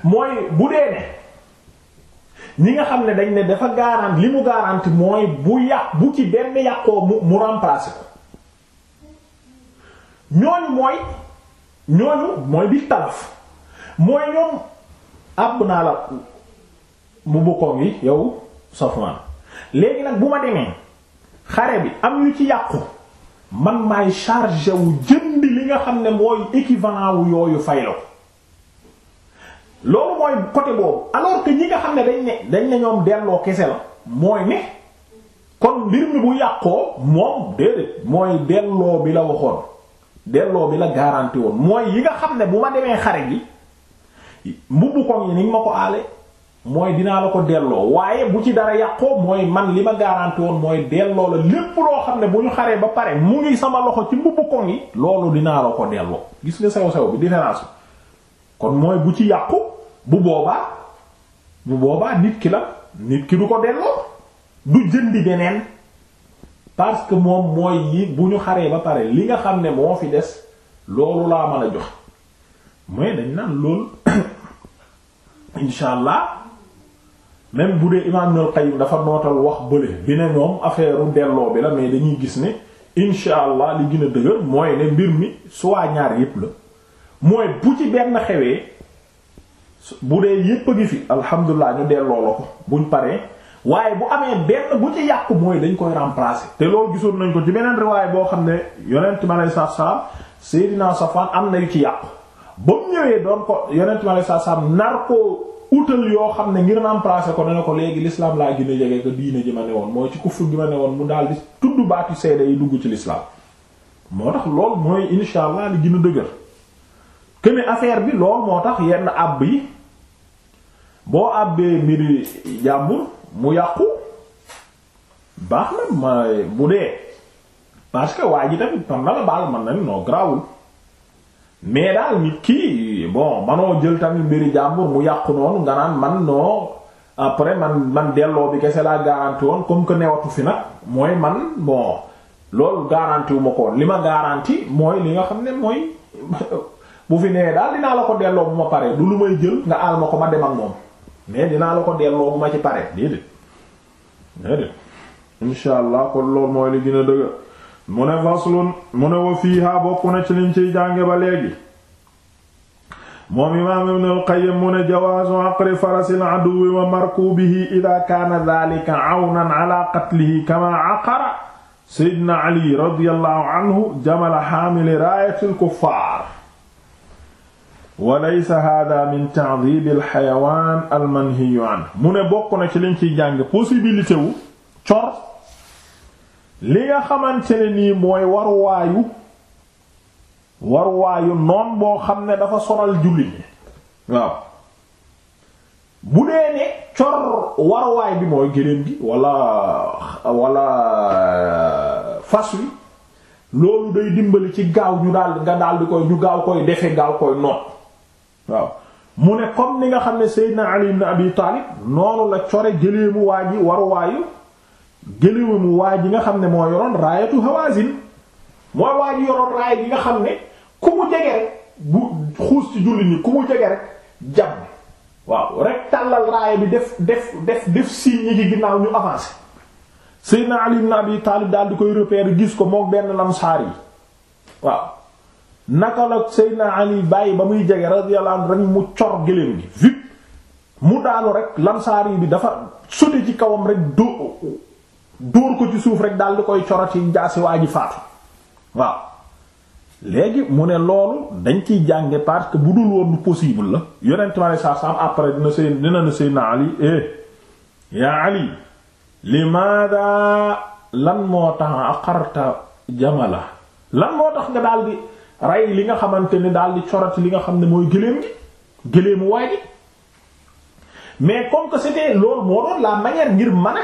mooy bu dee ne ñi nga xam ne dañ ne dafa garanti li mu garanti mooy bu yàq bu ci benn yàqoo mu mu remplacer ko ñooñu mooy ñooñu mooy bi talaf mooy ñoom àbb naa la mu bokkoon yi yow Safwan léegi nag bu ma demee xare bi am ñu ci yàqu. man may chargé wu jënd li nga xam ne mooy équivalent wu yooyu fay la ko loolu mooy côté boobu alors que ñi nga xam ne dañ ne dañ ne ñoom delloo kese la mooy ne kon mbir mi bu yàqoo moom déedéet mooy delloo bi la waxoon delloo bi la garanti woon mooy yi nga xam ne bu ma demee xare gi mbubb ko yi niñ ma ko aale mooy dinaa la ko delloo waaye bu ci dara yàqoo mooy man li ma garanti woon mooy delloo la lépp loo xam ne bu ñu xaree ba pare mu ngi sama loxo ci mbubbu koŋ yi loolu dinaa la ko delloo gis nga sew sew bi différence kon mooy bu ci yàqu bu boobaa bu boobaa nit ki la nit ki du ko delloo du jëndi beneen parce que moom mooy yi bu ñu xaree ba pare li nga xam ne moo fi des loolu laa mën a jox mooy dañ naan loolu insha même bu dee imaam Ibnul Qayyim dafa nootal wax bële bi ne ñoom affaire u delloo bi la mais dañuy gis ne insha allah li gën a dëgër mooy ne mbir mi soit ñaar yépp la mooy bu ci benn xewee bu dee yépp a gi fi alhamdulilah ñu delloo la ko buñ paree waaye bu amee benn bu ci yàqu mooy dañ koy remplacer. te loolu gisoon nañ ko ci beneen riwaay boo xam ne yonent mi alayhi salaatu salaam Seydina Safwan am na yu ci yàqu ba mu ñëwee doon ko yonent mi alayhi salaatu ko. utal yoo xam ne ngir remplacer ko dana ko léegi l'islam laa gën a jege ko diine ji ma ne woon mooy ci kufur gi ma ne woon mu daal di tudd baatu seede yi dugg ci l'islam moo tax lool mooy insha allah li gën a dëgër que ne affaire bi lool moo tax yenn àbb yi boo àbbee mbiri jàmbur mu yàqu baax na ma bu dee parce que waa ji tamit man na la baal man na noo grawul mais daal nit kii bon manoo jël tamit mbiri jàmbur mu yàqu noonu nga naan man non après man man delloo bi kese laa garanti woon comme que newatu fi nag mooy man bon loolu garantiwuma wu ko li ma garanti mooy li nga xam ne mooy bu fi nee daal dinaa la ko delloo bu ma paree du lu may jël nga aal ma ko ma dem ak moom mais dinaa la ko delloo bu ma ci paree déedéet déedéet incha allah kon loolu mooy li gën a mu ne faslun mu ne wa fiiha bokk na ci liñ ciy jànge ba léegi moom imaam ibn al-Qayyim mu ne jawaazu aqri farasil aduwwi wa markubihi ida kaana dhalika awnan ala qatlihi kama aqara sayyidina Ali radiyallahu anhu jamala haamili raayatil kuffaar wa laysa hada min ta'dhib al-hayawaan al-manhiy anhu mu ne bokk na ci liñ ciy jànge possibilité wu cor li nga xamante ni mooy waruwaayu waruwaayu noon moo xam ne dafa sonal jullit ñi waaw bu dee ne cor waruwaay bi mooy géléem gi wala wala fas wi loolu day dimbali ci gaaw ñu daal nga daal di koy ñu gaaw koy defe gaaw koy noon waaw mu ne comme ni nga xam ne Seydina Ali ibn Abi Taalib noonu la core géléemu waa ji waruwaayu géléwamu waa ji nga xam ne moo yoroon raayatu Hawazin mooy waa ji yoroon raaya ji nga xam ne ku mu jege rek bu xuus ci julli ni ku mu jege rek jàpp waaw rek tàllal raaya bi def def def def signe ci ginnaaw ñu avancé Seydina Ali ibn Abi Talib daal di koy repérer gis ko moo benn lamsaar yi waaw naka la Seydina Ali bàyyi ba muy jege radiyallahu anhu rek mu cor géléem gi vite mu daanu rek lamsaar bi dafa sote ci kawam rek doo dóor ko ci suuf rek daal di koy coroti jaasi waa ji faatu waaw léegi mu ne loolu dañ ciy jànge parce que bu dul woon lu possible la yonent ma ne saa saam après dina sëy dina ne sëy na Ali eh yaa Ali limaada lan moo tax aqarta jamala lan moo tax nga daal di rey li nga xamante ni daal di coroti li nga xam ne mooy gëléem gi gëléemu waa ji mais comme que loolu moo doon la manière ngir mën a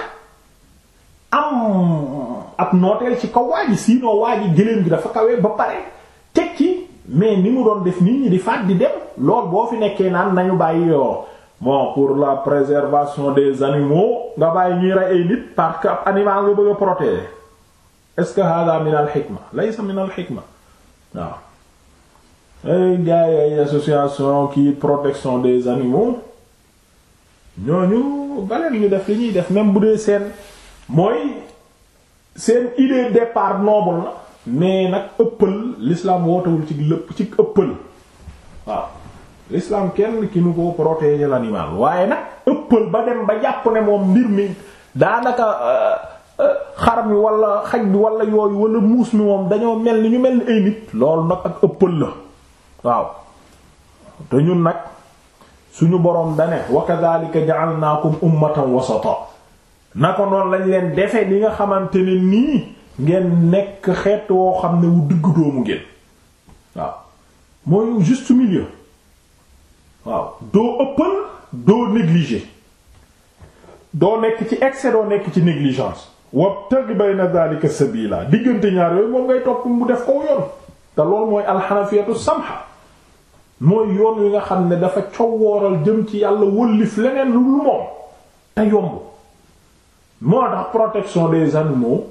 am ab nooteel ci kaw waa ji sinon waa gi dafa kawee ba pare teg ci mais ni mu doon def nit ñi di faat di dem lool boo fi nekkee naan nañu bàyyi yoo bon pour la préservation des animaux nga bàyyi ñuy rey ay nit parce que ab animal nga bëgg a est-ce que hada min al hikma laysa min al hikma waaw ay gars yi association qui protection des animaux ñooñu baleen ñu def li ñuy def même bu dee seen mooy seen idée départ noble na mais nag ëppal l'islam wootewul ci lépp ci ëppal waaw l'islam kenn ki nu ko protéger l'animal waaye nag ëppal ba dem ba jàpp ne moom mbir mi daanaka euh, euh, xar mi wala xaj bi wala yooyu wala muus mi moom dañoo mel ni ñu mel ni ay nit loolu nag ak ëppal la waaw te ñun nag suñu boroom dane wa naa ja'alnakum ummatan wasata na ko noonu lañ leen defe li nga xamante ni nii ngeen nekk xeet woo xam ne wu diggu doomu ngeen waaw mooy juste milieu waaw doo ëppal doo négliger doo nekk ci excès doo nekk ci négligence wabtaghi bayna dhalika sabila diggante ñaar yooyu moom ngay topp mu def ko yoon te loolu mooy alxanafiyatu samha mooy yoon wi nga xam ne dafa coowooral jëm ci yàlla wëllif leneen lu lu moom te yomb moo tax protection des animaux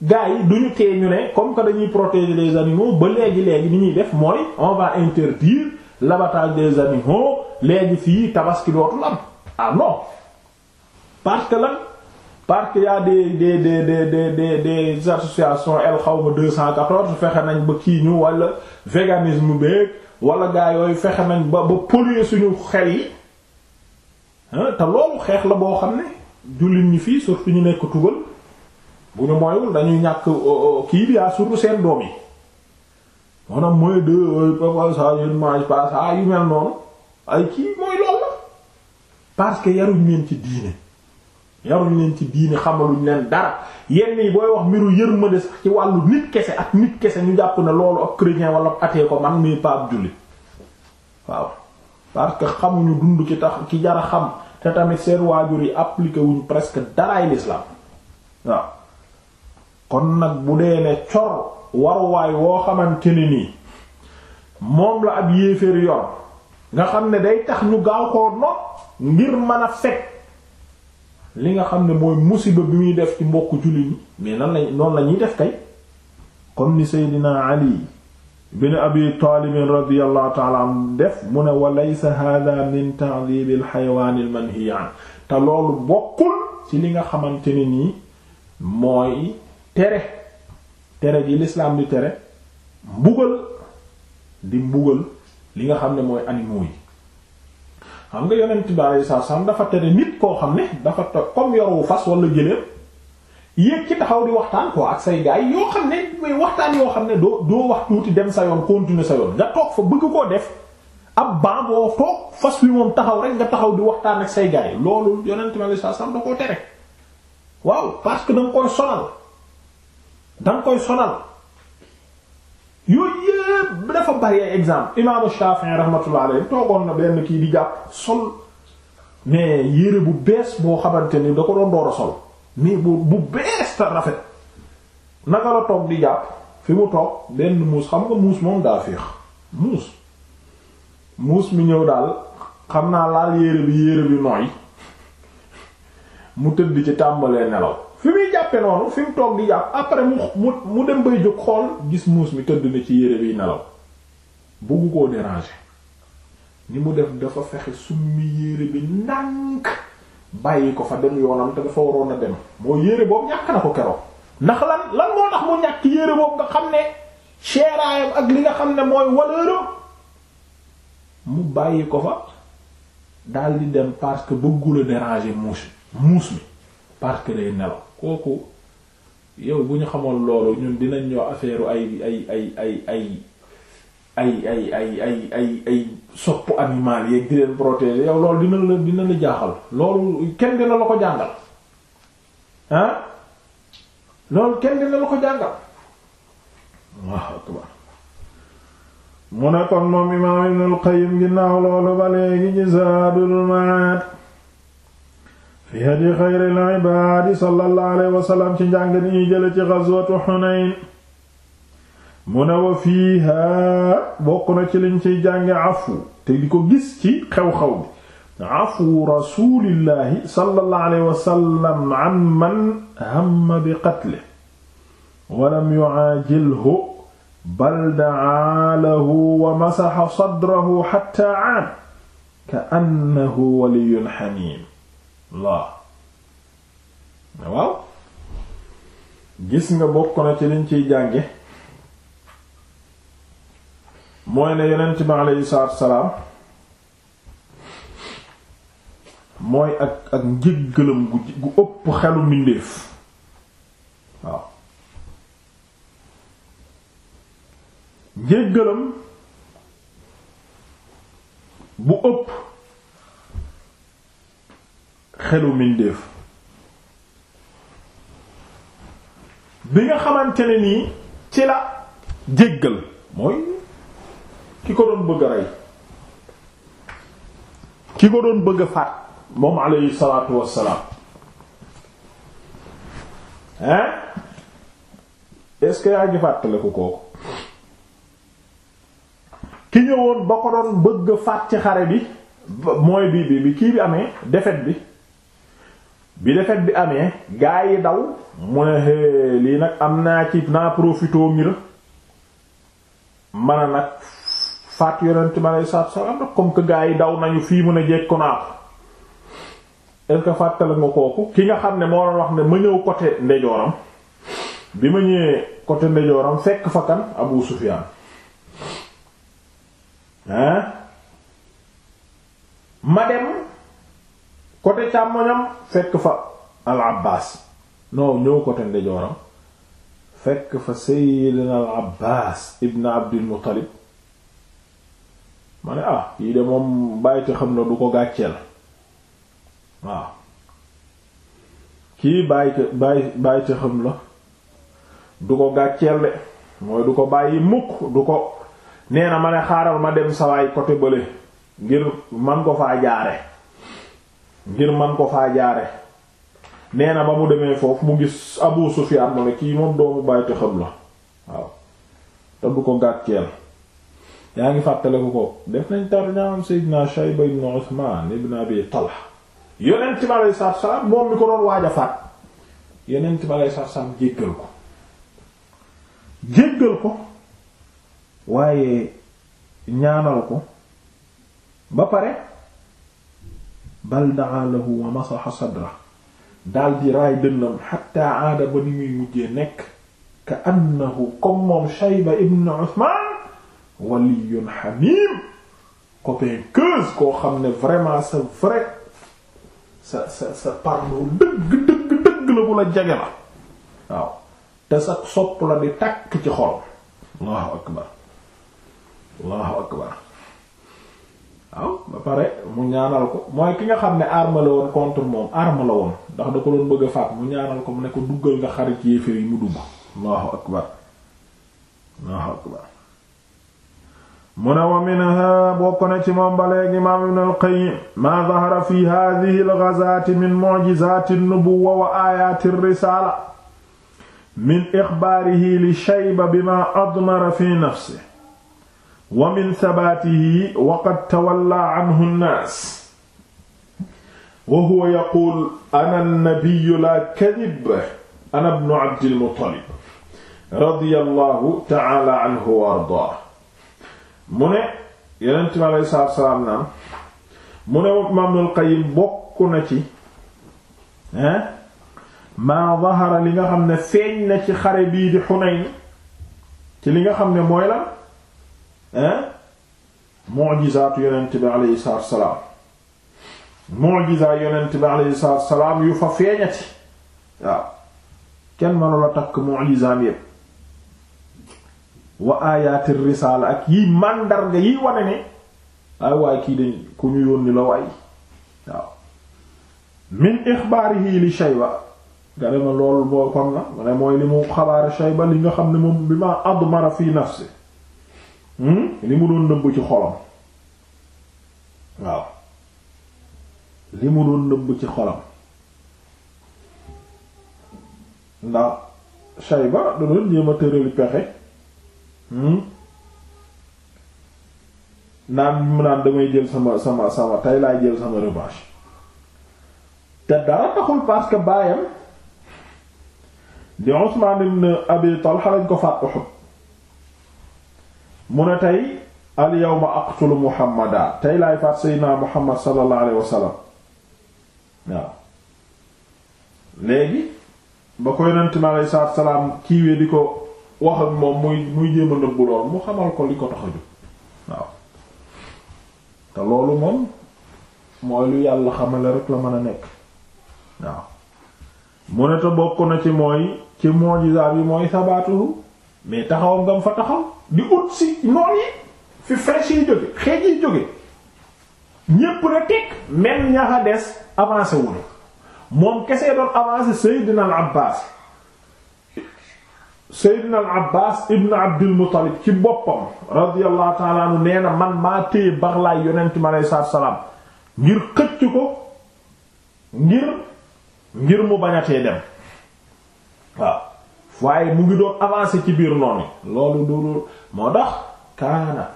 gars yi du tee ñu ne comme que dañuy protéger les animaux ba léegi léegi ni ñuy def mooy on va interdire l'abattage des animaux léegi fii tabaski dootul am ah non parce que lan parce que y a des des des des des des associations el xawma 214 fexe nañ ba kii ñu wala véganisme beeg wala gaa yooyu fexe nañ ba ba polluer suñu xey te loolu xeex la boo xam ne. jullit ñi fii surtout ñu nekk tugal bu ñu moywul dañuy ñàkk euh, euh, kii bi yaa surtout seen doom yi maanaam mooy de euh, papa ça yéen mange pas ça yu mel noonu ay kii mooy lool la parce que yaruñ leen ci diine yaruñ leen ci diine xamaluñ leen dara yenn yi booy wax mbiru yërmande sax ci wàllu nit kese ak nit kese ñu jàpp ne loolu ak chrétien wala ab ko man muy paab jullit waaw parce que xamuñu dund ki tax ki jara xam te tamit seen waajur yi appliqué presque daraay l'islam waaw kon nag bu dee ne cor waruwaay woo xamante ne nii moom la ab yéeféer yor nga xam ne day tax ñu gaaw noot ngir mën a fekk li nga xam ne mooy musiba bi muy def ci mbokk julli ñi mais nan lañ la ñuy def kay comme ni Seydina Ali bin abi taalibin radiallahu taala def mu ne wa laysa hada min ta'dibi alxayawaani almanhiyi te loolu bokkul ci li nga xamante ne nii mooy tere tere ji lislaam di tere mbugal di mbugal li nga xam ne mooy animaux yi xam nga yonent bi alayhi salaam dafa tere nit koo xam ne dafa comme yoru fas wala jëlee yéeg ki taxaw di waxtaan ko ak say gars yoo xam ne mooy waxtaan yoo xam ne doo doo wax tuuti dem sa yoon continuer sa yoon nga toog fa bëgg koo def ab ban boo toog fas wi moom taxaw rek nga taxaw di waxtaan ak say gars yi loolu yonent ma sam da koo tere waaw parce que da koy sonal da koy sonal yooyu yëpp dafa bari ay exemple imaamu Shafi'i rahmatullah toogoon na benn kii di jàpp sol mais yére bu bees boo xamante ni da ko doon door a sol mais bu bu bees ta rafet naka la toog di jàpp fi mu toog benn muus xam nga muus moom daa féex muus muus mi ñëw daal xam naa laal yére bi yére bi nooy mu tëdd ci tàmbalee nelaw fi muy jàppe noonu fi mu toog di jàpp après mu mu dem bay jóg xool gis muus mi tëdd na ci yére biy nelaw bëggu koo déranger ni mu def dafa fexe summi yére bi ndànk bàyyi ko fa dem yoonam te dafa waroon a dem moo yére boobu ñàkk na ko keroog ndax lan lan moo tax mu ñàkk yére boobu nga xam ne seeraayam ak li nga xam ne mooy waleeram mu bàyyi ko fa dal di dem parce que bëggula déranger muus muus mi parce que day nelaw kooku yow bu ñu xamoon loolu ñun dinañ ñoo affaire ay ay ay ay ay ay ay ay ay ay animal yeeg di leen protéger yow loolu dina la dina la jaaxal loolu kenn dina la ko jàngal ah loolu kenn dina la ko jàngal mu ne kon moom imaam Ibnul Qayyim ginnaaw loolu ba léegi ci Zaadul Ma'aad fi hadi xayril ibaad sallallahu alayhi wa sallam ci njàng ni ñuy jële ci ghazwatu Hunayn mu ne wa fiiha bokk na ci liñ ciy jànge afu te di ko gis ci xew-xew bi afu rasulillahi sallallahu alayhi wasallam an man hamma bi qatle walam yu'ajilhu bal da'a lahu wa masaxa sadrahu hatta 'aan ka'annahu waliyyun hamiim la waaw gis nga bokk na ci liñ ciy jànge mooy ne yonent bi aleyhi salaatu mooy ak ak njëggalam gu ëpp xelu mbindeef waaw njëggalam bu ëpp xelu mbindeef bi nga xamante ne ci la jéggal mooy ki ko doon bëgg a rey ki ko doon bëgg a faat moom alayhi salaatu wassalaam hein est-ce yaa ngi fàttaliku kooku ki ñëwoon ba ko doon bëgg a ci xare bi mooy bi bi bi kii bi amee défaite bi bi défaite bi amee gaa yi daw mu ne lii nag am naa ci naa profitoo ngir mën a nag faat yonent bi aleyhi salaatu wa salaam comme que gars yi daw nañu fii mu ne jekku naa ko est-ce kooku ki nga xam ne moo doon wax ne ma ñëw côté ndejooram bi ma ñëwee côté ndejooram fekk fa kan Abu Sufyaan ma dem côté càmmoñam fa al Abbaas non ñëw côté ndejooram fekk fa Seydina al Abbaas ibn Abdul Muttalib ma ne ah yii de moom bàyyite xam na du ko gàcceel waaw kii bàyyite bàyyi bàyyite xam la du ko gàcceel de mooy du ko bàyyi mukk du ko nee ma ne xaaral ma dem sawaay côté bële ngir man ko faa jaare ngir man ko faa jaare nee na ba mu demee foofu mu gis Abu Sufyaan mu ne kii moom doomu bàyyite xam la waaw te du ko gàcceel yaa ngi fàttaliku ko def nañ tarjamam Seydina Shayba ibn Usman ibn Abi Talha yonent bi aleyhi salaatu salaam moom mi ko doon waaj faat yonent bi aleyhi salaatu salaam jéggal ko jéggal ko waaye ñaanal ko ba pare bal daa lahu wa masaha sadra daldi raay dënnam xatta aada ba ni muy mujjee nekk ka annahu comme moom Shayba ibn Usman waliyun hamim copain keuse koo xam ne vraiment sa vrai sa sa sa parlo dëgg dëgg dëgg la bu la jege la waaw te sa sopp la di takk ci xol allahu akbar allahu akbar waaw ba pare mu ñaanal ko mooy ki nga xam ne arme la woon contre moom arme la woon ndax da ko doon bëgg a mu ñaanal ko mu ne ko duggal nga xarit yéeféer yi mu dugg allahu akbar allahu akbar mu ne wa minha bokk na ci moom ba léegi imaam ibn al-Qayyim maa dahara fi haadihi al-ghazaati min mu'jizaati an-nubuwwa wa aayaati ar-risaala min ixbaarihi li Shayba bimaa admara fi nafsihi wa min sabaatihi wa qad tawallaa anhu an-naas wa huwa yaquul ana an-nabiyyu laa kadib ana ibnu Abdil Muttalib radiyallaahu ta'aalaa anhu wa ardaahu mu ne yonent mi aleyhi salaam naan mu ne Imaamul Qayyim bokk na ci hein maa zahara li nga xam ne feeñ na ci xare bii di Hunayn ci li nga xam ne mooy la hein mu'jizaatu yonent bi aleyhi salaatu salaam mu'jiza yonent bi aleyhi salaam yu fa feeñati waaw kenn mënula takk mu'jizaam yépp wa ayaati risaala ak yi màndarga yi wane ne ay waaye kii dañ ku ñu yónni la waay waaw min ixbaarihi li Shayba nga dema loolu moo kon la mu ne mooy li mu xabaar Shayba li xam ne moom bi ma admara fi hmm? li mu doon nëbb ci xolam waaw li mu doon nëbb ci xolam ndax Shayba da doon jéem a pexe Hmm? naan mu naan damay jël sama sama sama tey laay jël sama revanche te dara taxul parce baayam di Usman ibn Abi Talha lañ ko faat Uhud mu ne tey al yawma aqtulu Muhammadan tey laay faat Seydina Muhammad sallallahu alayhi waaw léegi ba koy nanti ma alayhi salaam kiiwee di ko wax ak moom muy muy jéem nëbbu lool mu xamal ko li ko tax a jóg waaw te loolu moom mooy lu yàlla xamale rek la mën a nekk waaw mu ne te bokk na ci mooy ci mujiza bi mooy sabaatu mais taxaw ngam fa taxaw di ut si noon yi fi fraîche yi jóge xeej yi jóge ñépp na teg même ñaxa des avancé wul moom kese doon avancé Seydina Al Abbas Seydina al Abbaas ibn Abdul Muttalib ci boppam radiyallahu ta'ala anhu nee man maa téye baxlaay yonent salaam ngir xëcc ngir ngir mu bañatee dem waaw waaye mu ngi doon avancé ci biir noonu loolu du moo tax kaana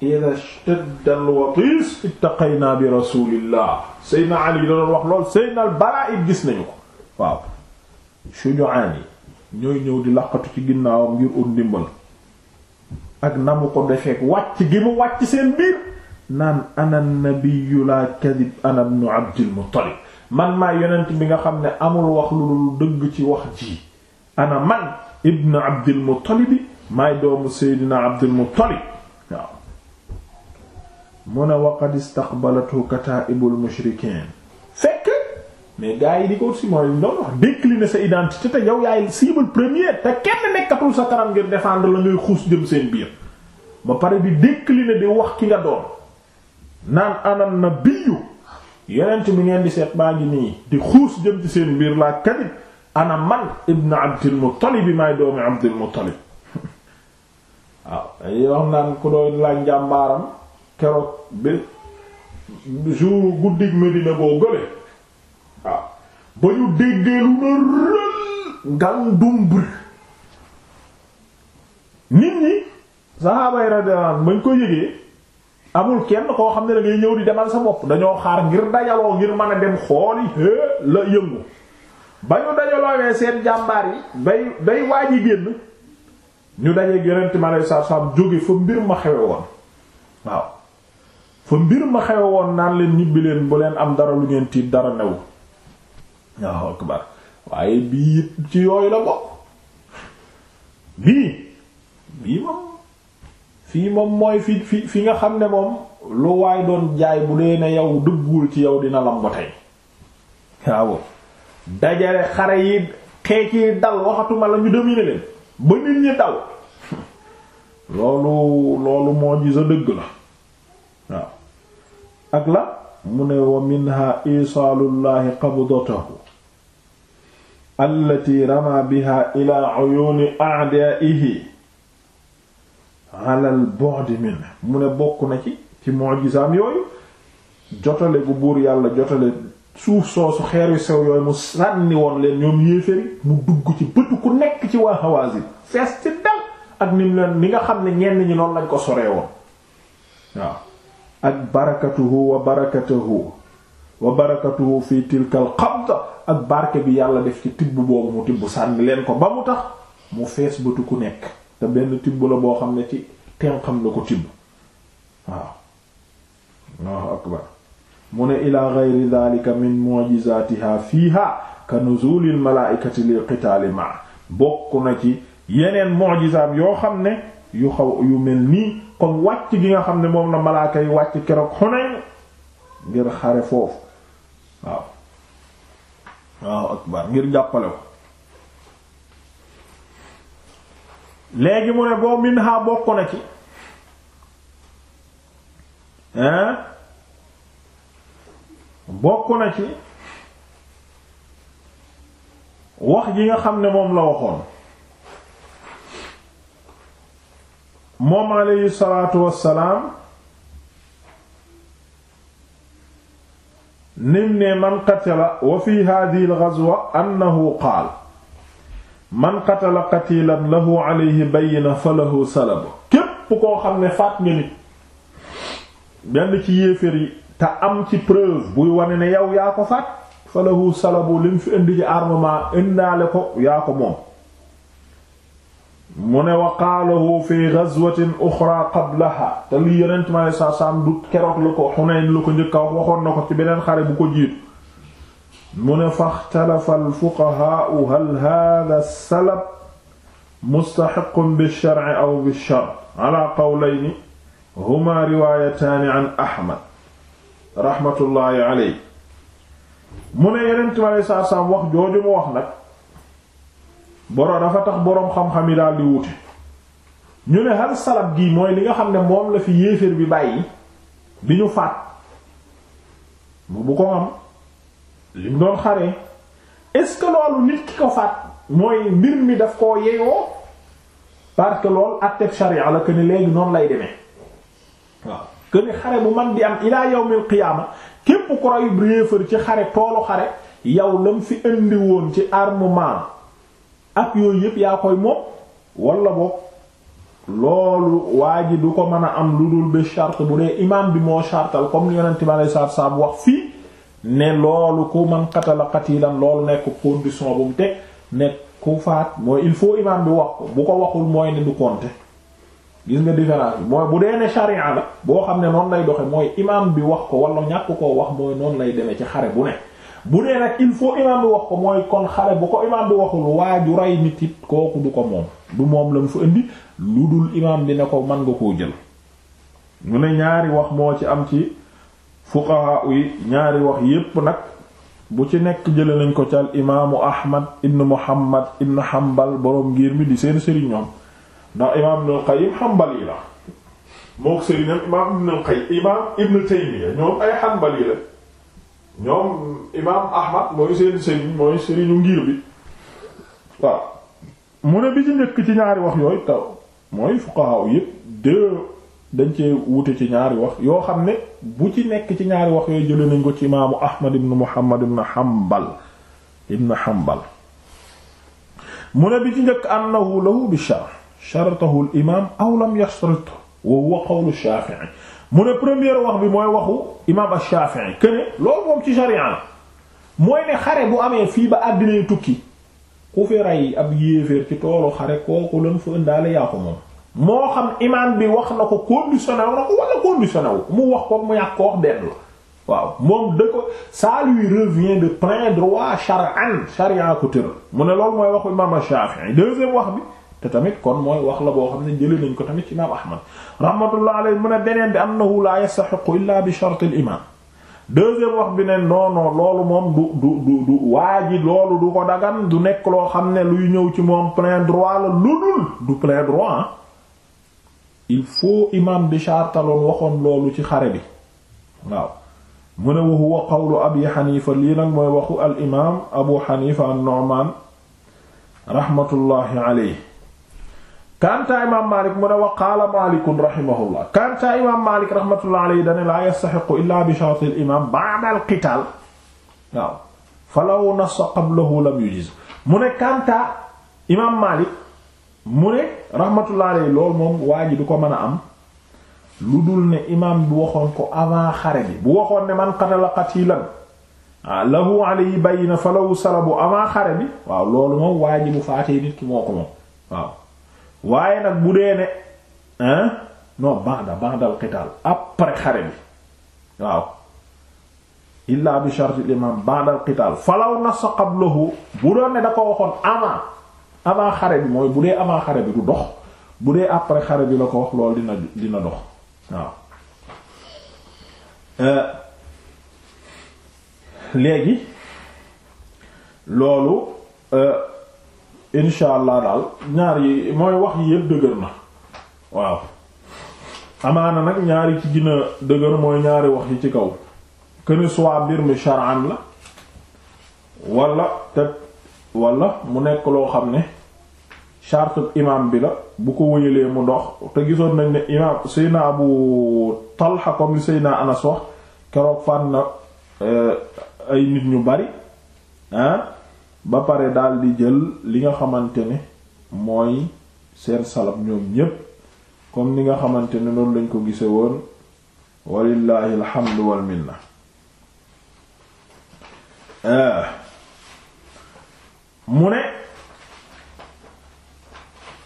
ida ishtadda al watiis ittaqaynaa bi rasuulillah Seydina Ali da doon wax lool Seydina al Baraa gis nañu ko waaw shujaani ñooy ñëw di laqatu ci ginnaawam ngir ut ndimbal ak na mu ko defeek wàcc gi mu wàcc seen biir naan ana nabiyyu kadib ana ibnu abdil muttalib man maa yonent bi nga xam ne amul wax lu dul dëgg ci wax ji ana man ibnu abdil muttalib maay doomu seydina abdil muttalib mu ne waqad istaqbalatu kataa'ibul mushrikiin mais gars yi di ko aussi mooy non non décliner sa identité te yow yaay cible première te kenn nekkatul sa kanam ngir défendre la ngay xuus jëm seen biir ba pare di décliner di wax ki nga doon naan anan na biyu yonent bi ngeen di seet baa ngi nii di xuus jëm ci seen biir laa kadib ana man ibn abdil muttalib yi may doomi abdil muttalib waaw ay wax naan ku doon laaj njàmbaaram keroog bi jour guddig Medina boo gële waaw ba ñu déggee lu na rël ngàndumbre nit ñi saxaaba yi radiyallahu anhum ko yëgee amul kenn koo xam ne da ngay ñëw di demal sa bopp dañoo xaar ngir dajaloo ngir mën a dem xooli hé la yëngu ba ñu dajaloowee seen jàmbaar yi bay bay waaj yi génn ñu dajeek yonent mi alayhi salaatu salaam jóge fa mbir ma xewe woon waaw fa mbir ma xewe woon naan leen ñibbi leen bu leen am dara lu ngeen tiit dara new waaw akbar waaye bii it ci yooyu la bokk bii bii moom fii moom mooy fi fi fi nga xam ne moom lu waay doon jaay bu dee ne yow dëggul ci yow dina lam ba tey dajale xare yi xeec yi dal waxatuma la ñu dominer leen ba nit ñi daw loolu loolu moo gis dëgg la waaw ak la mu ne wa minha isaalullahi qabdatahu allati rama biha ila uyuni a'da'ihi ala al bu'd mu ne bokk na ci ci mu'jizaam yooyu jotale bu buur yàlla jotale suuf soosu xeer yu sew yooyu mu sànni woon leen ñoom yéeféri mu dugg ci bëtu ku nekk ci waa Hawazin fees ci dal ak nim leen ni nga xam ne ñenn ñi noonu lañ ko sore woon waaw ak barakatuhu wa barakatuhu wa barakatuhu fi tilkal qabda ak barke bi yàlla def ci tibb boobu mu tibb sànni leen ko ba mu tax mu fees bëtu ku nekk te benn tibb la boo xam ne ci tenqam la ko tibb waaw Allahu akbar mu ne ila ghayri dhalika min mu'jizatiha fiha ka nuzulil malaikati li qitaali bokk na ci yeneen mu'jizaam yoo xam ne yu xaw yu mel nii comme wàcc gi nga xam ne moom na malaaka yi wàcc keroog Hunayn ngir xare foofu waaw waaw akbar ngir jàppale ko léegi mu ne boo min bokk na ci hein bokk na ci wax gi nga xam ne moom la waxoon moom alayhi salaatu wassalaam nim ne man qatala wa fi hadhihi al-ghazwa annahu qaal man qatala qatilan lahu alayhi bayyina falahu salabu képp koo xam ne faat nga nit benn ci yéefér yi te am ci preuve buy wane ne yow yaa ko faat falahu salabu lim fi indi ci armement indaale ko yaa ko moom mu ne wa qaalahu fi ghazwatin uxra qablaha te lii yonent mi alayhi salaatu salaam du keroog la ko Xunayn la ko njëkk a wax waxoon na ko ci beneen xare bu ko jiitu mu ne faxtalafa alfuqahaau hal hada salab mustaxiqun bilsharci aw bilshar ala qawlayni huma riwaayataani an Ahmad raxmatullaahi aleyhi mu ne yonent mi alayhi salaatu salaam wax jooju mu wax nag boro dafa tax boroom xam-xam yi daal di wute ñu ne hal salab gi mooy li nga xam ne moom la fi yéeféer bi bàyyi bi ñu faat bu bu ko am li mu doon xaree est-ce que loolu nit ki ko faat mooy mbir mi daf koo yeyoo parce lool loolu atteb sharia la que léegi noonu lay demee waaw que xare bu man di am ilaa yawmil qiyaama képp ku rey yéeféer ci xare toolu xare yow lam fi indi woon ci armement ak yooyu yépp yaa koy moom walla boog loolu waa ji du ko mën a am lu dul ba charte bu dee imaam bi moo chartal comme ni yonent bi alayhi salaatu salaam wax fii ne loolu ku man qatala qatilan loolu nekk condition bu mu teg nekk ku faat mooy il faut imaam bi wax ko bu ko waxul mooy ne du compter gis nga différence bi mooy bu dee ne charia la boo xam ne noonu lay doxe mooy imaam bi wax ko wala ñàkk koo wax mooy noonu lay demee ci xare bu ne bu dee nag il faut imaam bi wax ko mooy kon xale bu ko imaam bi waxul waa ju rey nit kooku du ko moom du moom la mu fa indi lu dul imaam bi ne ko mën nga koo jël mu ne ñaari wax moo ci am ci fuqaha yi ñaari wax yépp nag bu ci nekk jële nañ ko ci al imaamu ahmad ibn muhammad ibn hanbal borom ngir mi di seen sëriñ ñoom ndax imaam ibn al qayyim hanbali la mook sëriñam imaam imaam ibn taymiya ñoom ay hanbali la ñoom imaam ahmad mooy seen sëriñ mooy sëriñu ngir bi waaw mu ne bi ci njëkk ci ñaari wax yooyu taw mooy fuqaha yépp deux dañ cee wute ci ñaari wax yoo xam ne bu ci nekk ci ñaari wax yooyu jële nañ ko ci imaamu ahmad ibn muhammad ibn hanbal ibn hanbal mu ne bi ci njëkk annahu lahu bi shart shartahu al aw lam yashrit wa huwa qawlu shafi'i mu ne première wax bi mooy waxu imaam Ash-Shafi'i que ne loolu moom ci sharia la mooy ne xare bu amee fii ba àddina tukki ku fi rey ab yéeféer ci toolu xare kooku lañ fa ëndaale yaa ko moom. moo xam imaam bi wax na ko conditionné wu na mu wax ko mu waaw moom da ko ça lui revient de plein droit charan charia ko tëral mu ne loolu mooy waxu imaam Ash-Shafi'i deuxième wax bi. te tamit kon mooy wax la boo xam ne jëlee nañ ko tamit ci imaam Ahmad rahmatullah alayhi mu ne beneen bi annahu la yastahiqu illa bi shart al imam deuxième wax bi ne non loolu moom du du du du waa loolu du ko dagan du nekk loo xam ne luy ñëw ci moom plein droit la lu dul du plein droit ah. il faut imam bi shartaloon waxoon loolu ci xare bi waaw mu ne wa huwa qawlu abi xanifa lii nag mooy waxu al imam abu xanifa an-Nu'man rahmatullahi kanta imam malik mu ne wa qaala malikun rahimahullah kanta imam malik rahmatullah alayhi dane la yastaxiqu illa bi sharti al imam ba'da al qital waaw falaw nassa qablahu lam mu ne kanta imam malik mu ne rahmatullah loolu moom waa du ko mën a am lu dul ne imam bi waxoon ko avant xare bi bu waxoon ne man qatala qatilan ah, lahu bi waaw loolu moom waa faatee nit ki moo ko moom waaye nag bu dee ne hein non ba'da ba'dal qital après xare bi waaw illaa bi shart al imam ba'dal qital falaw nas qablahu bu doon ne da ko waxoon avant avant xare bi mooy bu dee avant xare bi du dox bu dee après xare bi la ko wax loolu dina dina dox waaw euh, léegi loolu euh, insha allah daal ñaar yi mooy wax yi yépp dëgër na waaw amaana nag ñaari ci gën dëgër mooy ñaari wax yi ci kaw këni soit mbir mi shar'an la wala te wala mu nekk loo xam ne charte imam bi la bu ko wëyalee mu ndox te gisoon nañ ne imam Seyna Abu Talha comme Seyna Anas wax keroog fànn euh, ay nit ñu bari ba pare dal di jël li nga xamante ne mooy seen salab ñoom ñépp comme ni nga xamante ne noonu lañ ko gise woon walillahi alhamdu wal minna euh, mu ne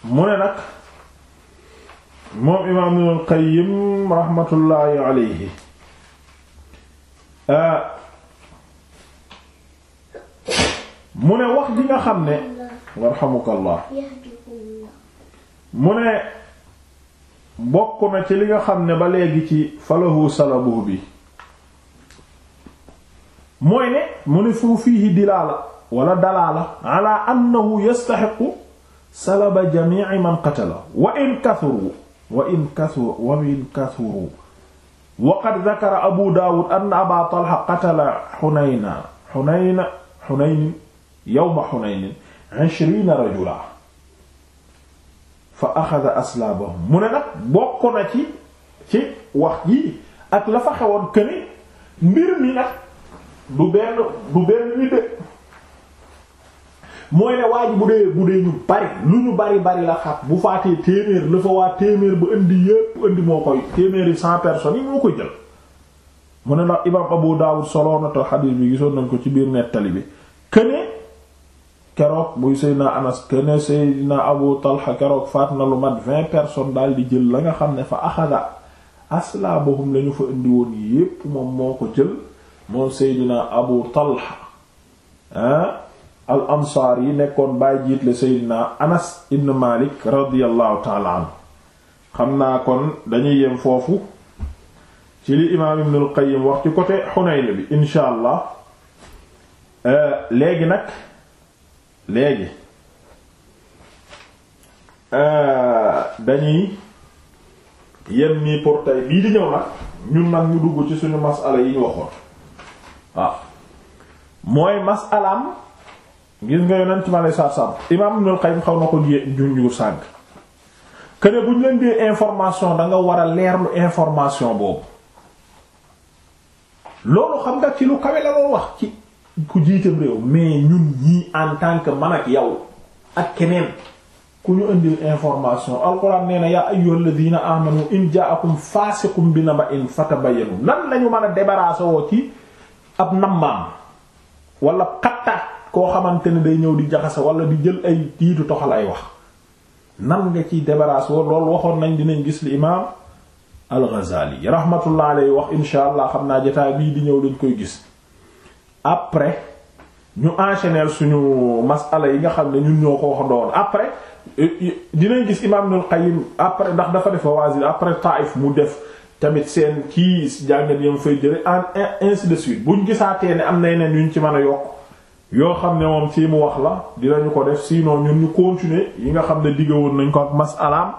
mu ne nag moom imaam Ibnul raxmatullaahi alayhi euh, mu ne wax ji nga xam ne warhamukallah mu ne bokk na ci li nga xam ne ba léegi ci falahu salabu bi mooy ne mu ne fu fiihi dilaala wala dalaala ala annahu yastaxiqu salaba jamici man qatala wa in kasuru wa in kasuru wa qad dakara abu daawud anna aba talha qatala xunayna xunayna xunayn yawma Hunayn ishrina rajula fa axada aslaabahum mu ne nag bokk na ci ci wax yi ak la fa xewoon këne mbir mi nag du benn du benn nit de mooy ne waa bu dee bu dee ñu bari lu ñu bari bari la xat bu faatee téeméer la fa waa téeméer ba indi yépp indi moo koy téeméeri cent personnes yi moo koy jël mu ne nag imaam Abu Dawud soloona te xadiis bi gisoon nañ ko ci biir nettali bi këne keroog buy Seydina Anas kene Seydina Abu Talha keroog faat lu mat vingt personnes daal di jël la nga xam ne fa axada aslaabahum lañu fa indi woon yépp moom moo ko jël moom Seydina Abu Talha ah al ansaar yi nekkoon bàyyi jiit la Seydina Anas ibn Malik radiyallahu taala xam naa kon dañuy yem foofu ci li imaam Ibn al Qayyim wax ci côté Hunayn bi incha allah eh, léegi nag. léegi euh, dañuy yem nii pour tey bii di ñëw nag ñun nag ñu dugg ci suñu masala yi ñu waxoon waaw mooy masalaam gis nga yonent ma lay saab saab imaam Ibnul Qayyim xaw na ko junjur sànk këne bu ñu leen dee information danga war a leerlu information boobu loolu xam nga ci lu kawe la loolu wax ci ku jiitam réew mais ñun ñi en tant que man ak yow ak keneen ku ñu indil information alquran nee na yaa ayyuhal ladina amanu in ja'akum fasiqun bi naba'in fatabayyanu nan lañu mën a débarrasser woo ci ab nammaam wala xattaat koo xamante ne day ñëw di jaxase wala di jël ay tiitu toxal ay wax nan nga ci débarrasser woo loolu waxoon nañ dinañ gis li imaam al-Ghazali rahmatullah alayhi wax insha allah xam naa jotaay bii di ñëw dañ koy gis après ñu enchaîner suñu masala yi nga xam ne ñun ñoo ko wax doon après euh, euh, dinañ gis imaam Ibnul Qayyim après ndax dafa def Hawaazin après Taïf mu def tamit seen kii jàngat yam fay jële en ainsi de suite buñ gisaatee ne am na yeneen yu ñu ci mën a yokk yoo xam ne moom fii mu wax la dinañu ko def sinon ñun ñu continuer yi nga xam ne digg woon nañ ko ak masalaam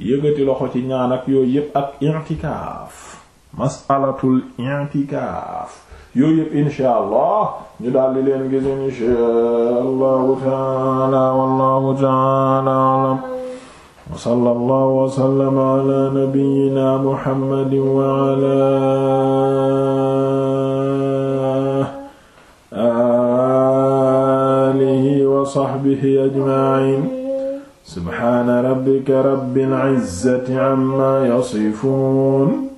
yëgati loxo ci ñaan ak yooyu yépp ak i'tikaaf masalatul i'tikaaf yooyu yëpp insha allah ñu daldi leen gis insha allahu taala wallahu taala alam wa sallallahu wa sallama ala nabiyyina muhammadin wa ala alihi wa sahbihi ajma'in subhana rabbika rabbil izzati amma yasifun